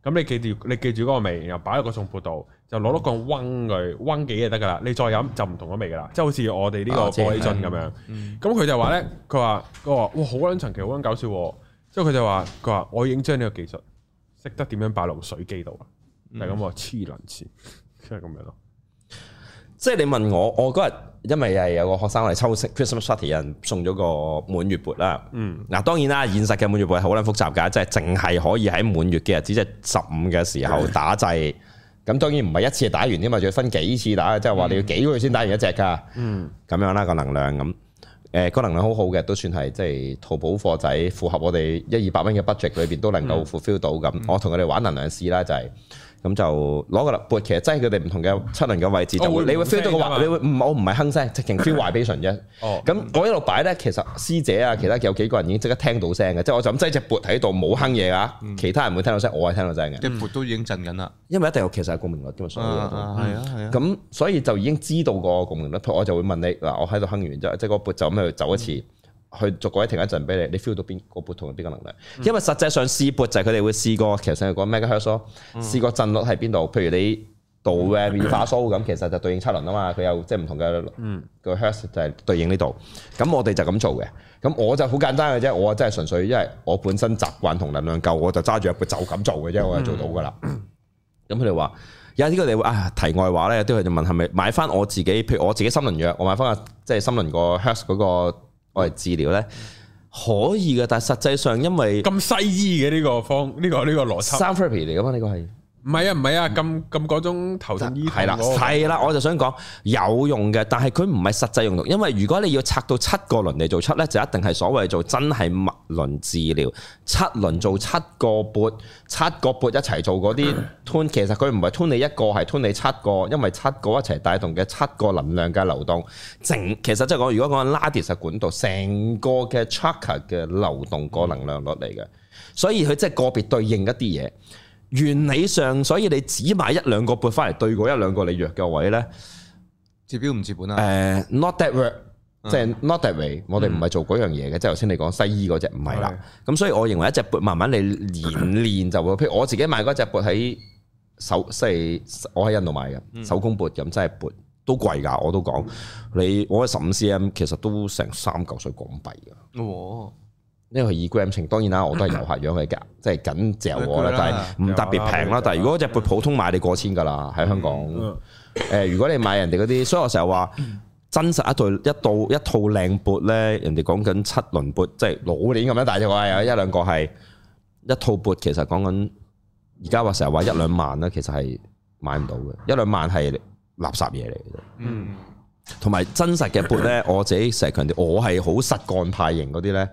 咁你記住你記住嗰個味，然後擺喺個粽盤度，就攞碌棍揾佢，揾、嗯、幾就得噶啦。你再飲就唔同咗味噶啦，即係好似我哋呢個玻璃樽咁樣。咁佢就話咧，佢話佢話哇好撚神奇，好撚搞笑。之後佢就話佢話我已經將呢個技術識得點樣擺落水機度啦。但係咁我黐撚線。即係咁樣咯，即係你問我，我嗰日因為係有個學生嚟抽 Christmas party 有人送咗個滿月缽啦。嗯，嗱，當然啦，現實嘅滿月缽係好捻複雜噶，即係淨係可以喺滿月嘅日子即係十五嘅時候打製。咁、嗯、當然唔係一次打完添嘛，仲要分幾次打，即係話你要幾個月先打完一隻噶。嗯，咁樣啦個能量咁，誒個、呃、能量好好嘅，都算係即係淘寶貨仔，符合我哋一二百蚊嘅 budget 裏邊都能夠 fulfill 到咁。嗯、我同佢哋玩能量試啦，就係、是。咁就攞個立缽，其實即係佢哋唔同嘅七輪嘅位置就會，就你會 feel 到個話，你會唔我唔係哼聲，直情 feel vibration 啫。哦，咁我一路擺咧，其實師姐啊，其他有幾個人已經即刻聽到聲嘅，即係我就咁即係隻缽喺度冇哼嘢噶，其他人會聽到聲，我係聽到聲嘅。隻缽都已經震緊啦，因為一定有其實有共鳴啦，因為所以啊，係啊係啊。咁所以就已經知道個共鳴率，我就會問你嗱，我喺度哼完之後，即係個缽就咁去走一次。嗯嗯，去逐個位停一陣俾你，你 feel 到邊個撥同邊個能量？嗯、因為實際上試撥就係佢哋會試過，其實成日講咩嘅 hertz 咯？試個振率喺邊度？譬如你導嘅 r 花 f e r s 咁，其實就對應七輪啊嘛。佢有即係唔同嘅個 hertz 就係對應呢度。咁我哋就咁做嘅。咁我就好簡單嘅啫。我真係純粹，因為我本身習慣同能量夠，我就揸住一撥就咁做嘅啫。我係做到噶啦。咁佢哋話有啲佢哋會啊題外話咧，都佢哋問係咪買翻我自己？譬如我自己心輪弱，我買翻啊，即係心輪個 hertz 嗰個。為治療咧，可以嘅，但係實際上因為咁西醫嘅呢個方，呢個呢個邏輯，嚟噶嘛，呢、呢個係。這個這個 唔係啊，唔係啊，咁咁嗰種頭痛醫頭係啦，係啦，我就想講有用嘅，但係佢唔係實際用途，因為如果你要拆到七個輪嚟做七呢，就一定係所謂做真係脈輪治療，七輪做七個撥，七個撥一齊做嗰啲 turn，其實佢唔係吞你一個，係吞你七個，因為七個一齊帶動嘅七個能量嘅流動，成其實即係我如果講拉啲實管道，成個嘅 chakra 嘅流動個能量落嚟嘅，所以佢即係個別對應一啲嘢。原理上，所以你只買一兩個撥翻嚟對嗰一兩個你弱嘅位咧，治標唔治本啊！誒、uh, not, 嗯、not that way，即係 not that way，我哋唔係做嗰樣嘢嘅，即係頭先你講西醫嗰隻唔係啦。咁、嗯、所以我認為一隻撥慢慢你練練就會，嗯、譬如我自己買嗰隻撥喺手，即係我喺印度買嘅手工撥咁，真係撥都貴㗎，我都講你我喺十五 cm，其實都成三嚿水港幣啊。哦。呢個係二 gram 情，當然啦，我都係遊客養佢嘅， 即係緊嚼我咧， 但係唔特別平啦。 但係如果隻缽普通買，你過千噶啦，喺香港。誒， 如果你買人哋嗰啲，所以我成日話真實一對一到一套靚缽咧，人哋講緊七輪缽，即係老年咁樣，但係我係有一兩個係一套缽，其實講緊而家話成日話一兩萬咧，其實係買唔到嘅，一兩萬係垃圾嘢嚟嘅。嗯，同 埋真實嘅缽咧，我自己成日強調，我係好實幹派型嗰啲咧。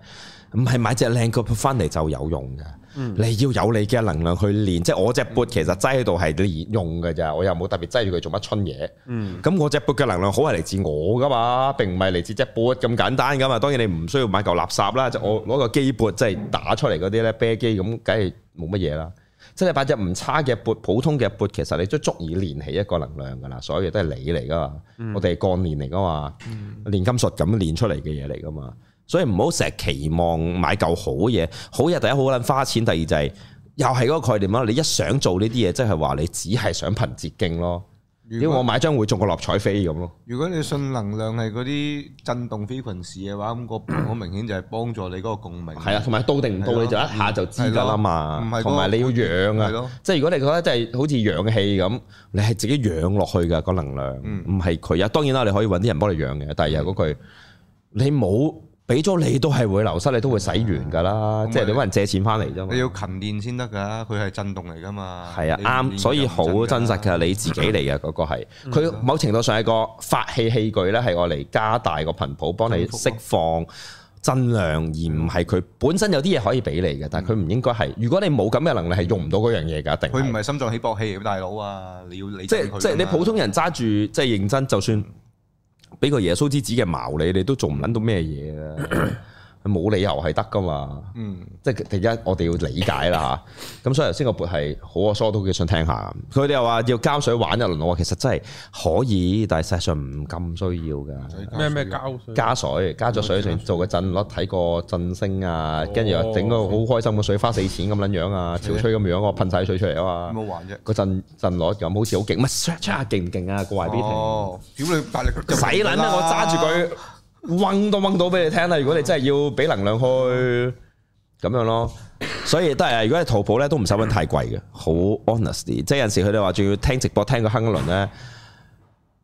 唔係買隻靚個缽翻嚟就有用噶，嗯、你要有你嘅能量去練。嗯、即係我隻缽其實擠喺度係用㗎咋，我又冇特別擠住佢做乜春嘢。咁、嗯、我隻缽嘅能量好係嚟自我噶嘛，並唔係嚟自隻缽咁簡單噶嘛。當然你唔需要買嚿垃圾啦，嗯、就我攞個機缽，即係打出嚟嗰啲咧啤機咁，梗係冇乜嘢啦。即係擺隻唔差嘅缽，普通嘅缽，其實你都足以練起一個能量噶啦。所有嘢都係你嚟噶嘛，嗯、我哋係鋼鍊嚟噶嘛，鍊金術咁煉出嚟嘅嘢嚟噶嘛。所以唔好成日期望買嚿好嘢，好嘢第一好捻花錢，第二就係、是、又係嗰個概念咯。你一想做呢啲嘢，即係話你只係想揾捷徑咯。如果我買張會中個六合彩飛咁咯。如果你信能量係嗰啲震動 frequency 嘅話，咁、那個好明顯就係幫助你嗰個共鳴。係、嗯、啊，同埋到定唔到你就一下就知噶啦嘛。唔係、嗯，同埋、啊那個、你要養啊，即係、嗯啊、如果你覺得真係好似養氣咁，你係自己養落去噶個能量，唔係佢啊。當然啦，你可以揾啲人幫你養嘅，但係又嗰句，你冇。你俾咗你都係會流失，你都會使完噶啦，嗯、即係你揾人借錢翻嚟啫嘛。你要勤練先得噶，佢係震動嚟噶嘛。係啊，啱，所以好真實嘅，你自己嚟嘅嗰個係。佢、嗯、某程度上係個發氣器、器具咧，係我嚟加大個頻譜，幫你釋放震量，而唔係佢本身有啲嘢可以俾你嘅。但係佢唔應該係。如果你冇咁嘅能力，係用唔到嗰樣嘢㗎，一定。佢唔係心臟起搏器，大佬啊！你要理即係即係你普通人揸住，即係認真，就算、嗯。俾個耶穌之子嘅矛你，你都做唔撚到咩嘢啦？ 冇理由係得噶嘛，嗯，即係第一我哋要理解啦嚇，咁所以頭先個撥係好啊，收都幾想聽下。佢哋又話要加水玩一輪喎，其實真係可以，但係實上唔咁需要噶。咩咩膠水？加水，加咗水做個振攞，睇個振聲啊，跟住又整個好開心嘅水，花四濺咁撚樣啊，潮吹咁樣，我噴晒水出嚟啊嘛。冇玩啫？個振振攞又好似好勁，乜 s t 勁唔勁啊？個外邊哦，屌你，就使撚啊！我揸住佢。掹都掹到俾你聽啦！如果你真係要畀能量去咁樣咯， 所以都係。如果係淘寶咧，都唔使搵太貴嘅，好 honest 啲。即係有陣時佢哋話仲要聽直播，聽個哼一輪咧，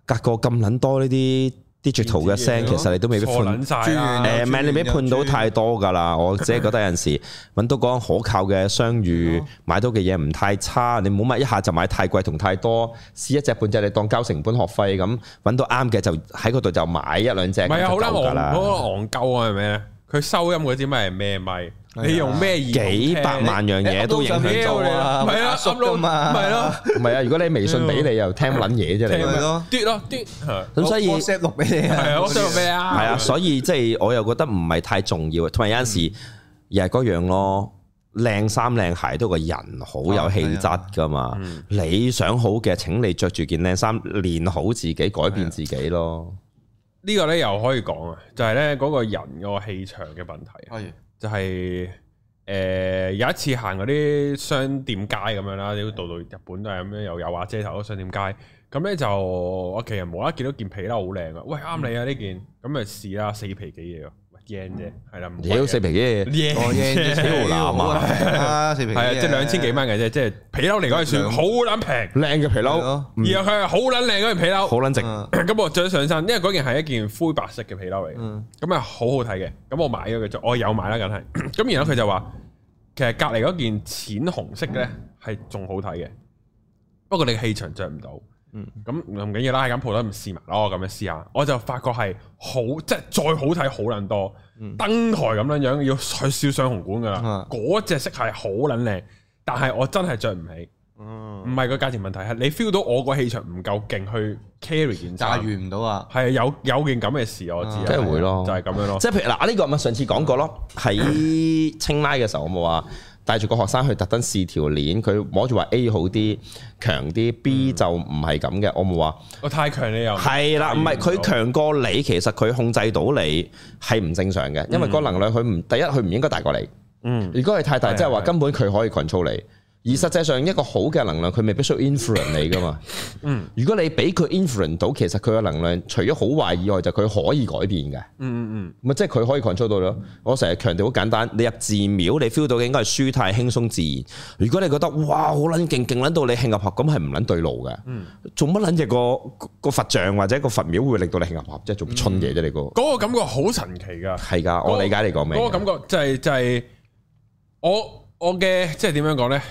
隔個咁撚多呢啲。digital 嘅聲其實你都未必判，誒唔係你未判到太多㗎啦。我即係覺得有陣時揾到個可靠嘅商譽，買到嘅嘢唔太差。你冇乜一下就買太貴同太多，試一隻半隻你當交成本學費咁，揾到啱嘅就喺嗰度就買一兩隻、嗯嗯、係啊，㗎啦。好啦，好啦，憨鳩啊，係咪咧？佢收音嗰支麥係咩麥？你用咩？幾百萬樣嘢都影響到啊！係啊，心諗嘛，係咯，唔係啊！如果你微信俾你又聽捻嘢啫，嚟咯，跌咯跌，咁所以 set 錄俾你啊，我 set 俾啊，係啊，所以即係我又覺得唔係太重要，同埋有陣時又係嗰樣咯，靚衫靚鞋都個人好有氣質噶嘛，你想好嘅，請你着住件靚衫，練好自己，改變自己咯。呢個咧又可以講啊，就係咧嗰個人個氣場嘅問題。就係、是、誒、呃、有一次行嗰啲商店街咁樣啦，你啲度度日本都係咁樣，又有瓦遮頭嗰商店街。咁咧就我其實無啦啦見到件皮褸好靚啊，喂啱你啊呢件，咁咪試啦，四皮幾嘢 yen 啫，係啦，屌四皮嘢，我 yen 啫，四毫男啊，係啊，即係兩千幾蚊嘅啫，即係皮褸嚟講係算好卵平，靚嘅皮褸，而佢係好卵靚嗰件皮褸，好卵值。咁我着上身，因為嗰件係一件灰白色嘅皮褸嚟嘅，咁啊好好睇嘅。咁我買咗佢着，我有買啦，梗係。咁然後佢就話，其實隔籬嗰件淺紅色咧係仲好睇嘅，不過你嘅氣場着唔到。嗯，咁唔緊要啦，喺間鋪頭唔試埋咯，咁樣試下，我就發覺係好，即係再好睇好撚多，嗯、登台咁樣樣要去少上紅館噶啦，嗰隻、嗯、色係好撚靚，但係我真係着唔起，唔係、嗯、個價錢問題，係你 feel 到我個氣場唔夠勁去 carry 件衫，但係駕馭唔到啊，係有有件咁嘅事我知，即係會咯，就係、是、咁樣咯，即係譬如嗱，呢、這個咪上次講過咯，喺青拉嘅時候我冇話。 帶住個學生去特登試條鏈，佢摸住話 A 好啲，強啲，B 就唔係咁嘅。嗯、我冇話，我太強你又係啦，唔係佢強過你，其實佢控制到你係唔正常嘅，因為個能量佢唔第一，佢唔應該大過你。嗯，如果佢太大，即係話根本佢可以 control 你。而實際上一個好嘅能量，佢未必需要 influence 你㗎嘛。嗯，如果你俾佢 influence 到，其實佢嘅能量除咗好壞以外，就佢、是、可以改變嘅、嗯。嗯嗯嗯，咪即係佢可以 control 到咯。我成日強調好簡單，你入寺廟，你 feel 到嘅應該係舒泰輕鬆自然。如果你覺得哇好撚勁勁撚到你慶合合咁係唔撚對路嘅。嗯，做乜撚隻個個佛像或者個佛廟會令到你慶合合？即係做春嘢啫？你個嗰個感覺好神奇㗎。係㗎，我理解你講咩。嗰個感覺就係、是、就係、是、我我嘅即係點樣講咧？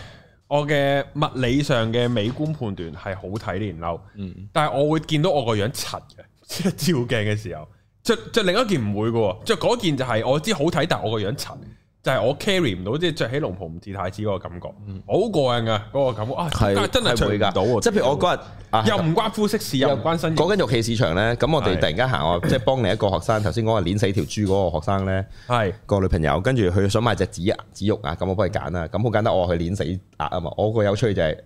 我嘅物理上嘅美觀判斷係好睇連褸，嗯、但係我會見到我個樣柒嘅，即係照鏡嘅時候。著著另一件唔會嘅，著嗰件就係我知好睇，但係我個樣柒。就係我 carry 唔到，即係着起龍袍唔似太子嗰、嗯那個感覺，好過癮啊嗰個感覺啊，真係著唔到。即係譬如我嗰日、啊、又唔關膚色事，又唔關身嗰間玉器市場咧。咁我哋突然間行我即係幫另一個學生，頭先講話碾死條豬嗰個學生咧，係是的 個女朋友，跟住佢想買隻紫紫玉啊，咁我幫佢揀啦。咁好是的 簡單，我話佢碾死鴨啊嘛。我個有趣就係、是。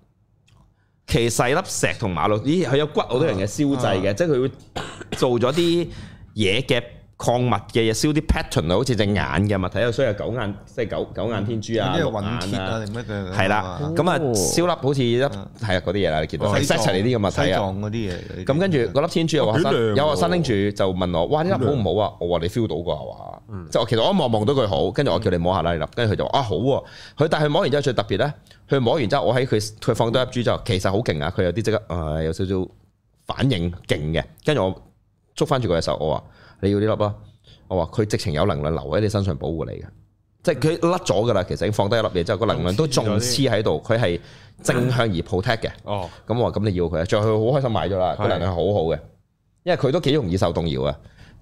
其實粒石同馬路，咦，佢有骨好多人嘅燒製嘅，啊、即係佢會做咗啲嘢嘅。礦物嘅嘢燒啲 pattern 啊，好似隻眼嘅物體啊，所以有九眼即係九九眼天珠啊，個、嗯、眼啊，係啦、嗯，咁啊的、哦、燒粒好似粒，係啊嗰啲嘢啦，你見到，set 齊啲咁嘅物體啊，咁跟住嗰粒天珠又話、哦、有話新拎住就問我，哇呢粒好唔好啊？我話你 feel 到啩，就我、嗯、其實我一望望到佢好，跟住我叫你摸下啦，你粒，跟住佢就啊好喎、啊，佢但係佢摸完之後最特別咧，佢摸完之後我喺佢佢放多粒珠之後，其實好勁啊，佢有啲即刻誒、呃、有少少反應勁嘅，跟住我捉翻住佢隻手，我話。你要呢粒啊？我話佢直情有能量留喺你身上保護你嘅，即係佢甩咗噶啦，其實已經放低一粒嘢，之後，個能量都仲黐喺度，佢係正向而 protect 嘅。哦、嗯，咁我話咁你要佢，啊？最後佢好開心買咗啦，個能量好好嘅，因為佢都幾容易受動搖啊，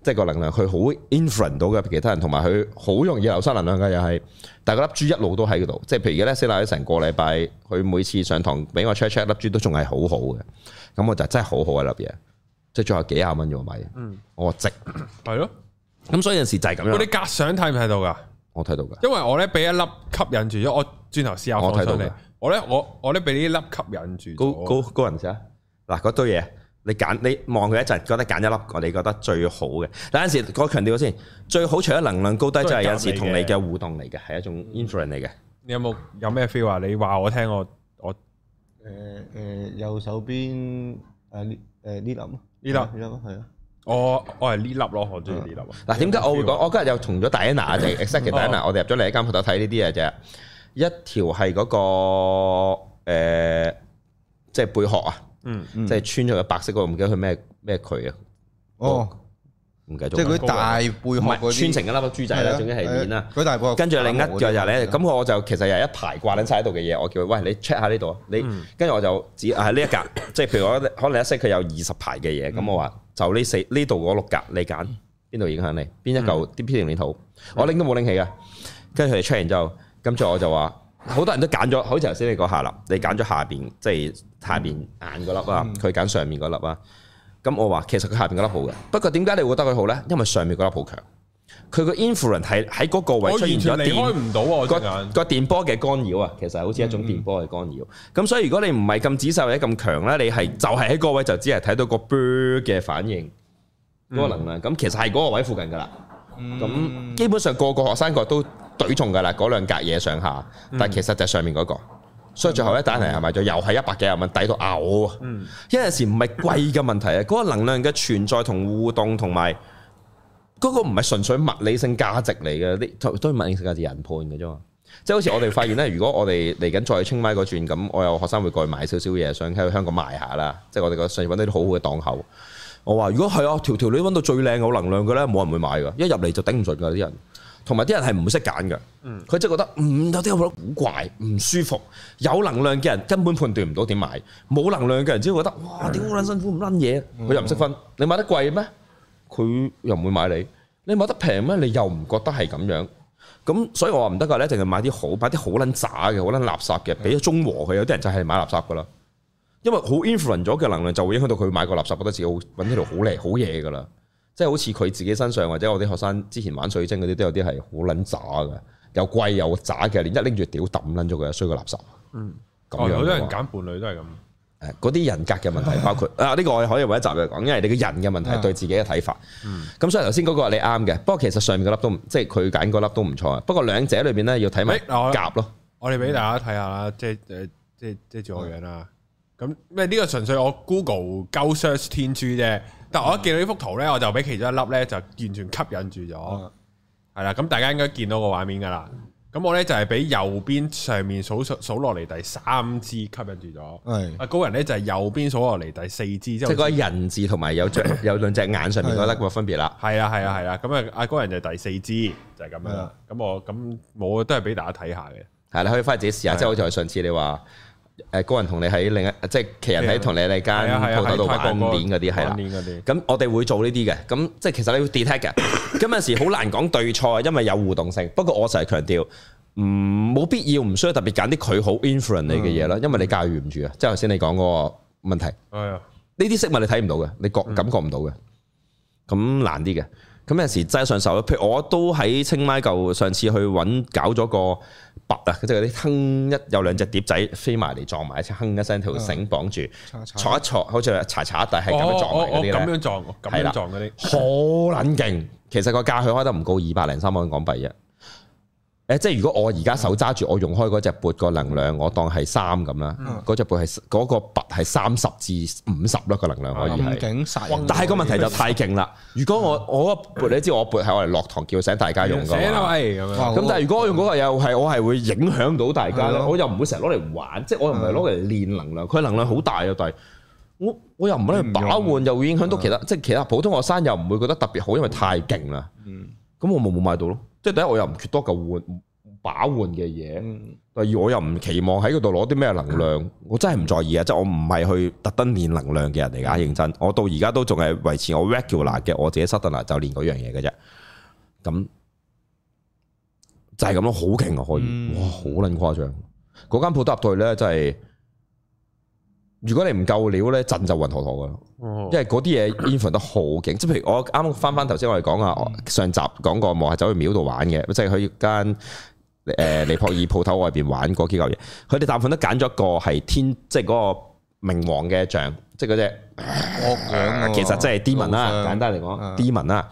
即係個能量佢好 influence 到嘅其他人，同埋佢好容易流失能量嘅又係，但係粒珠一路都喺嗰度，即係譬如而家先鬧咗成個禮拜，佢每次上堂俾我 check check 粒珠都仲係好好嘅，咁我就真係好好一粒嘢。即係最後幾廿蚊咋，我買嘢，我、嗯哦、值，係咯的，咁所以有陣時就係咁樣。啲格相睇唔睇到噶？我睇到噶。因為我咧俾一粒吸引住咗，我轉頭試下我睇到你。我咧我我咧俾呢粒吸引住高。高高人人先，嗱，嗰堆嘢，你揀你望佢一陣，覺得揀一粒，我哋覺得最好嘅。但 有陣時我強調先，最好除咗能量高低，就係有陣時同你嘅互動嚟嘅，係、嗯、一種 influence 嚟嘅。你有冇有咩 feel 啊？你話我聽，我我誒誒、呃呃，右手邊誒。啊誒，呢粒呢粒呢粒係啊，我我係呢粒咯，我中意呢粒。嗱，點解我會講？我今日又從咗戴安娜就 exactly 戴安娜， 我哋入咗嚟喺間鋪頭睇呢啲嘢啫。一條係嗰個誒，即係貝殼啊，嗯，嗯即係穿咗個白色嗰個，唔記得佢咩咩款啊。渠哦。即係佢大背唔係嗰啲穿成一粒個豬仔啦，總之係面啦。佢大背，跟住另一隻就咧，咁我我就其實又一排掛喺晒喺度嘅嘢，我叫佢喂你 check 下呢度啊，你跟住我就指係呢一格，即係譬如我可能一識佢有二十排嘅嘢，咁我話就呢四呢度嗰六格你揀邊度影響你？邊一嚿啲偏零亂土，我拎都冇拎起嘅。跟住佢哋 check 完之後，跟住我就話好多人都揀咗，好似頭先你講下啦，你揀咗下邊，即係下邊眼嗰粒啊，佢揀上面嗰粒啊。咁我話其實佢下邊嗰粒好嘅，不過點解你會覺得佢好呢？因為上面嗰粒好強，佢個 influence 喺喺嗰個位置出現咗電開個，個電波嘅干擾啊，其實好似一種電波嘅干擾。咁、嗯、所以如果你唔係咁仔細或者咁強呢，你係就係喺嗰位就只係睇到個 b i 嘅反應嗰個能量，咁、嗯、其實係嗰個位附近噶啦。咁、嗯、基本上個個學生個都懟重噶啦，嗰兩格嘢上下，但其實就係上面嗰、那個。所以最後一單嚟係咪就又係一百幾廿蚊，抵到嘔。有陣時唔係貴嘅問題啊，嗰個能量嘅存在同互動同埋嗰個唔係純粹物理性價值嚟嘅，啲都係物理性價值人判嘅啫嘛。即係好似我哋發現咧，如果我哋嚟緊再去清邁嗰轉，咁我有學生會過去買少少嘢，想喺香港賣下啦。即係我哋上次揾到啲好好嘅檔口。我話如果係啊，條條女揾到最靚好能量嘅咧，冇人會買㗎，一入嚟就頂唔順㗎啲人。同埋啲人係唔識揀嘅，佢即係覺得嗯，有啲好古怪、唔舒服。有能量嘅人根本判斷唔到點買，冇能量嘅人只會覺得哇點好撚辛苦唔撚嘢，佢又唔識分。你買得貴咩？佢又唔會買你。你買得平咩？你又唔覺得係咁樣。咁所以我話唔得㗎，你淨係買啲好，買啲好撚渣嘅、好撚垃圾嘅，俾咗中和佢。有啲人就係買垃圾㗎啦，因為好 influence 咗嘅能量就會影響到佢買個垃圾，覺得自己好呢度好靚好嘢㗎啦。即係好似佢自己身上，或者我啲學生之前玩水晶嗰啲，都有啲係好撚渣嘅，又貴又渣嘅，你一拎住屌抌撚咗佢，衰個垃圾。嗯，咁樣，哦，好多人揀伴侶都係咁。誒，嗰啲人格嘅問題，包括啊，呢個我可以揾一集嚟講，因為你嘅人嘅問題對自己嘅睇法。嗯。咁所以頭先嗰個你啱嘅，不過其實上面嗰粒都即係佢揀嗰粒都唔錯啊。不過兩者裏邊咧要睇埋夾咯。我哋俾大家睇下啦，即係誒，即係即係做個樣啦。咁咩呢個純粹我 Google 高 search 天珠啫。但我一見到呢幅圖咧，我就俾其中一粒咧就完全吸引住咗，係啦、啊。咁大家應該見到個畫面噶啦。咁我咧就係俾右邊上面數數數落嚟第三支吸引住咗。係阿的高人咧就係右邊數落嚟第四支，即係嗰個人字同埋有隻 有兩隻眼上面嗰粒嘅分別啦。係啊係啊係啊，咁啊阿高人就第四支就係、是、咁樣啦。咁的我咁我都係俾大家睇下嘅。係啦，你可以翻去自己試下，即係的好似上次你話。誒個人同你喺另一，即係其他人喺同你哋間鋪頭度玩，年嗰啲係啦。咁我哋會做呢啲嘅，咁即係其實你會 detect 嘅。咁有時好難講對錯，因為有互動性。不過我成日強調，唔冇必要，唔需要特別揀啲佢好 influence 你嘅嘢咯，因為你駕馭唔住啊。即係頭先你講嗰個問題。係啊，呢啲飾物你睇唔到嘅，你覺感覺唔到嘅，咁難啲嘅。咁有時真係上手，譬如我都喺清邁舊上次去揾搞咗個鈸啊，即係嗰啲哼一有兩隻碟仔飛埋嚟撞埋一聲，哼一聲條繩綁住，嗯、擦擦坐一坐，好似柴柴但係咁樣撞埋嗰啲咧，係啦，咁樣撞嗰啲好撚勁。其實個價佢開得唔高，二百零三蚊港幣啫。誒，即係如果我而家手揸住我用開嗰隻撥個能量，我當係三咁啦。嗰隻撥係嗰個拔係三十至五十粒個能量可以係，但係個問題就太勁啦。嗯、如果我我個撥，你知我撥係我嚟落堂叫醒大家用嘅，咁、嗯嗯嗯嗯嗯、但係如果我用嗰個又係，我係會影響到大家咯。嗯嗯、我又唔會成日攞嚟玩，即係我又唔係攞嚟練能量，佢、嗯、能量好大啊，但係我我又唔攞嚟把玩，又會影響到其他，即係、嗯嗯、其他普通學生又唔會覺得特別好，嗯、因為太勁啦。嗯，咁、嗯、我咪冇買到咯。即係第一，我又唔缺多嚿換把換嘅嘢。第二，我又唔期望喺嗰度攞啲咩能量。我真係唔在意啊！即係我唔係去特登練能量嘅人嚟噶，認真。我到而家都仲係維持我 regular 嘅，我自己 sadhana 就練嗰樣嘢嘅啫。咁就係咁咯，好勁啊！可以，哇，好捻誇張。嗰間鋪搭配咧，真係。如果你唔夠料咧，震就混坨坨噶咯。 因為嗰啲嘢 infinite 好勁，即係譬如我啱啱翻翻頭先我哋講啊，上集講過冇？係走去廟度玩嘅，即、就、係、是、去間誒尼泊爾鋪頭外邊玩嗰幾嚿嘢。佢哋大部分都揀咗一個係天，即係嗰個冥王嘅像，即係嗰隻。 其實即係 d 文啦， 簡單嚟講 d 文啦。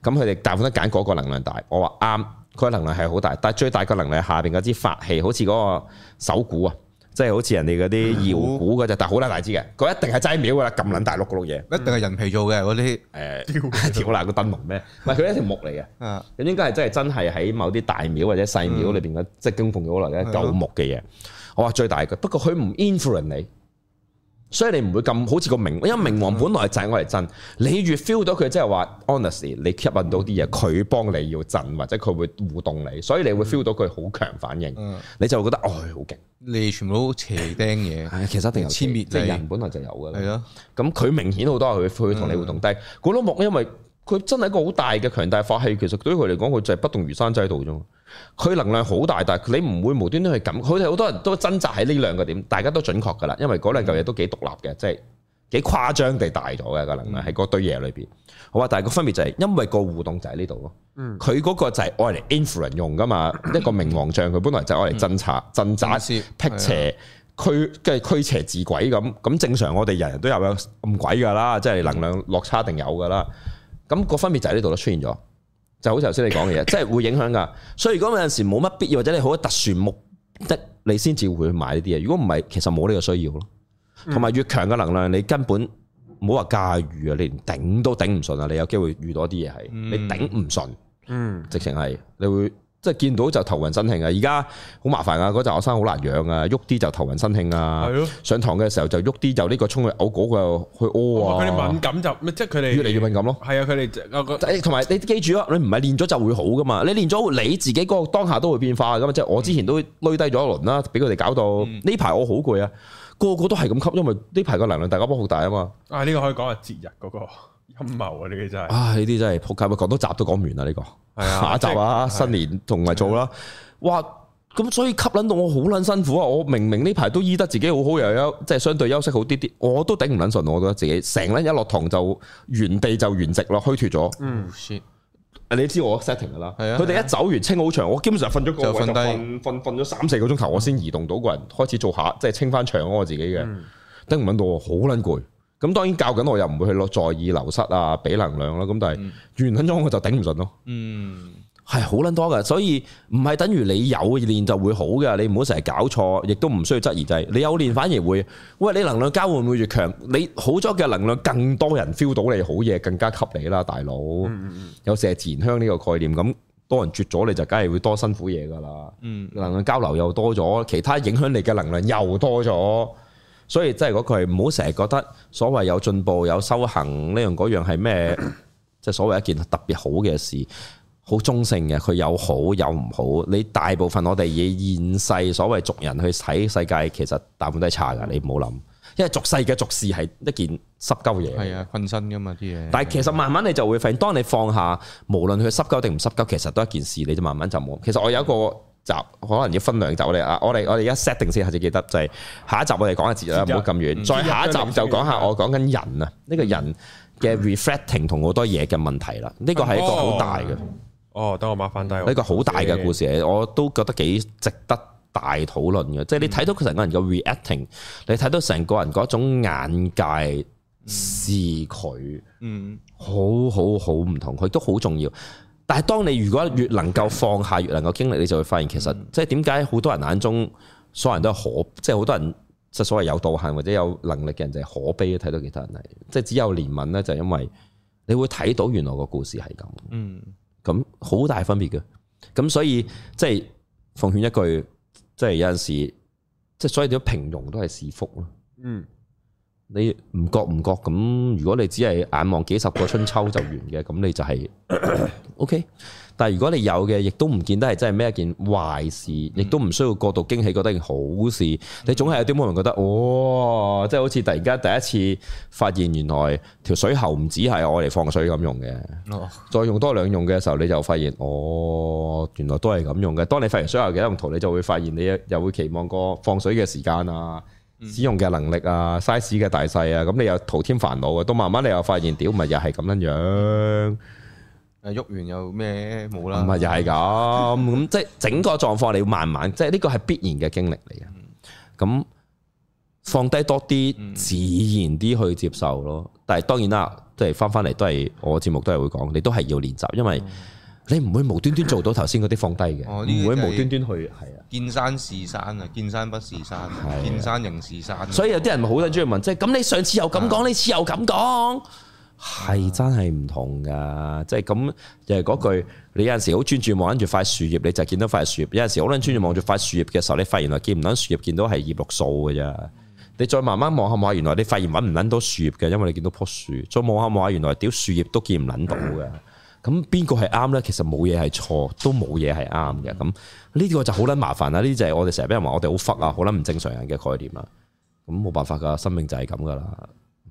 咁佢哋大部分都揀嗰個能量大。我話啱，佢嘅能量係好大，但係最大嘅能量下邊嗰支法器，好似嗰個手鼓啊。即係好似人哋嗰啲搖鼓嗰隻，嗯、但係好大大支嘅，佢一定係齋廟㗎啦，咁撚大碌碌嘢，嗯、一定係人皮做嘅嗰啲誒吊吊懶嘅燈籠咩？唔係，佢係一條木嚟嘅，咁、嗯、應該係真係真係喺某啲大廟或者細廟裏邊嘅，嗯、即係供奉咗好耐嘅舊木嘅嘢。我話、嗯、最大嘅，不過佢唔 influence 你。所以你唔會咁好似個冥，因為冥王本來係真，我嚟震。你越 feel 到佢即係話 honesty，l 你吸引到啲嘢，佢幫你要震，或者佢會互動你，所以你會 feel 到佢好強反應。嗯、你就會覺得哦，好、哎、勁！你全部都邪丁嘢，係其實一定有，黐滅即係人本來就有嘅。係咯的，咁佢明顯好多係佢佢同你互動，但係古羅木因為。佢真係一個好大嘅強大法器，其實對於佢嚟講，佢就係不動如山制度啫。佢能量好大，但係你唔會無端端去咁。佢哋好多人都掙扎喺呢兩個點，大家都準確噶啦，因為嗰兩嚿嘢都幾獨立嘅，即係幾誇張地大咗嘅個能量喺嗰堆嘢裏邊。好啊，但係個分別就係因為個互動就喺呢度咯。佢嗰、嗯、個就係愛嚟 influence 用噶嘛，嗯、一個明王像佢本來就係愛嚟掙扎，掙扎、辟邪、驅嘅驅邪自鬼咁。咁正常我哋人人都有咁鬼噶啦，即係能量落差定有噶啦。咁個分別就喺呢度咯，出現咗，就好似頭先你講嘅嘢，即係會影響噶。所以如果有陣時冇乜必要，或者你好特殊目的，你先至會去買呢啲嘢。如果唔係，其實冇呢個需要咯。同埋越強嘅能量，你根本冇話駕馭啊，你連頂都頂唔順啊。你有機會遇到一啲嘢係你頂唔順，嗯，直情係你會。即見到就頭暈身慶啊！而家好麻煩啊，嗰陣學生好難養啊，喐啲就頭暈身慶啊。係咯，上堂嘅時候就喐啲就呢個衝去嘔嗰個去屙。哦，佢哋敏感就即係佢哋越嚟越敏感咯。係啊，佢哋同埋你記住啊，你唔係練咗就會好噶嘛。你練咗你自己嗰個當下都會變化噶嘛。即係、嗯、我之前都、嗯、累低咗一輪啦，俾佢哋搞到呢排我好攰啊，個個都係咁吸，因為呢排個能量大家波好大啊嘛。啊，呢個可以講係節日嗰個。陰謀啊！呢啲真係啊，呢啲真係撲街！咪講多集都講唔完啦，呢個下集啊，新年同埋做啦？哇！咁所以吸引到我好捻辛苦啊！我明明呢排都醫得自己好好，又有即係相對休息好啲啲，我都頂唔捻順。我覺得自己成日一落堂就原地就原籍咯，虛脫咗。嗯，你知我 setting 噶啦，佢哋一走完清好場，我基本上瞓咗個位就瞓瞓瞓咗三四個鐘頭，我先移動到個人開始做下，即係清翻場我自己嘅，頂唔捻到我好捻攰。咁當然教緊我又唔會去落在意流失啊，俾能量啦。咁但係原因中我就頂唔順咯。嗯，係好撚多嘅，所以唔係等於你有練就會好嘅。你唔好成日搞錯，亦都唔需要質疑制。就係、你有練反而會喂，你能量交換會,會越強，你好咗嘅能量更多人 feel 到你好嘢，更加吸你啦，大佬。嗯嗯嗯。有麝自然香呢個概念，咁多人絕咗你就梗係會多辛苦嘢㗎啦。嗯、能量交流又多咗，其他影響你嘅能量又多咗。所以真係嗰句，唔好成日覺得所謂有進步、有修行呢樣嗰樣係咩？即係所謂一件特別好嘅事，好中性嘅，佢有好有唔好。你大部分我哋以現世所謂俗人去睇世界，其實大部分都係差噶。你唔好諗，因為俗世嘅俗事係一件濕鳩嘢，係啊困身㗎嘛啲嘢。但係其實慢慢你就會發現，當你放下，無論佢濕鳩定唔濕鳩，其實都係一件事，你就慢慢就冇。其實我有一個。集可能要分兩集嚟啊！我哋我哋而家 set 定先，下次記得就係、是、下一集我哋講下字啦，唔好咁遠。遠日再下一集就講下我講緊人啊，呢、嗯、個人嘅 reflecting 同好多嘢嘅問題啦。呢、這個係一個好大嘅哦。等、哦、我麻煩帶我呢個好大嘅故事嚟，的我都覺得幾值得大討論嘅。即、就、係、是、你睇到佢成個人嘅 reacting，、嗯、你睇到成個人嗰一種眼界視佢、嗯，嗯，好好好唔同，佢都好重要。但係，當你如果越能夠放下，越能夠經歷，你就會發現，其實即係點解好多人眼中，所有人都係可，即係好多人即係所謂有道行或者有能力嘅人就係可悲，睇到其他人係，即係只有憐憫咧，就係因為你會睇到原來個故事係咁，嗯，咁好大分別嘅，咁所以即係奉勸一句，即係有陣時，即係所以點樣平庸都係是福咯，嗯。你唔覺唔覺咁，如果你只係眼望幾十個春秋就完嘅，咁你就係、是、 OK。但係如果你有嘅，亦都唔見得係真係咩一件壞事，亦都唔需要過度驚喜，覺得件好事。你總係有啲冇人覺得，哇、哦！即、就、係、是、好似突然間第一次發現，原來條水喉唔止係我哋放水咁用嘅。哦、再用多兩用嘅時候，你就發現，哦，原來都係咁用嘅。當你發現水喉幾多用途，你就會發現你又會期望個放水嘅時間啊。使用嘅能力啊，size 嘅大細啊，咁你又徒添煩惱啊，到慢慢你又發現，屌咪 又係咁樣樣，誒， 喐完又咩冇啦，唔係又係咁，咁即係整個狀況，你要慢慢，即係呢個係必然嘅經歷嚟嘅，咁、嗯、放低多啲，嗯、自然啲去接受咯。但係當然啦，即係翻翻嚟都係我節目都係會講，你都係要練習，因為、嗯。你唔會無端端做到頭先嗰啲放低嘅，唔、哦、會無端端去係啊！見山是山啊，見山不是山，是的見山仍是山。所以有啲人好鍾意問，即係咁你上次又咁講，呢次又咁講，係真係唔同噶。即係咁又係嗰句，你有陣時好專注望住塊樹葉，你就見到塊樹葉；有陣時好撚專注望住塊樹葉嘅時候，你發現原來見唔撚樹葉，見到係葉綠素嘅啫。你再慢慢望下望下，原來你發現揾唔撚到樹葉嘅，因為你見到棵樹。再望下望下，原來屌樹葉都見唔撚到嘅。咁邊個係啱呢？其實冇嘢係錯，都冇嘢係啱嘅。咁呢個就好撚麻煩啦。呢啲就係我哋成日俾人話我哋好忽啊，好撚唔正常的人嘅概念啦。咁冇辦法㗎，生命就係咁㗎啦。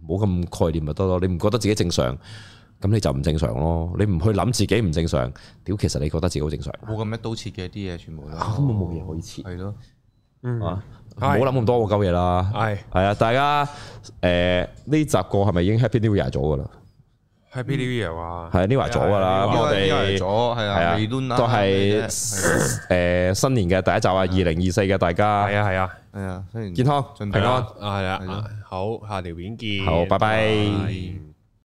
冇咁概念咪得咯。你唔覺得自己正常，咁你就唔正常咯。你唔去諗自己唔正常，屌，其實你覺得自己好正常。冇咁一刀切嘅啲嘢全部，根本冇嘢可以切。係咯、哦，啊，唔好諗咁多個鳩嘢啦。係係啊，大家誒呢集過係咪已經 Happy New Year 咗㗎啦？hacerlo 喺 P. D. V. 啊，係呢話咗㗎啦，咁我哋咗係啊，都係誒新年嘅第一集啊，二零二四嘅大家係啊係啊係啊，新年健康平安啊係啊，好，下條片見，好拜拜。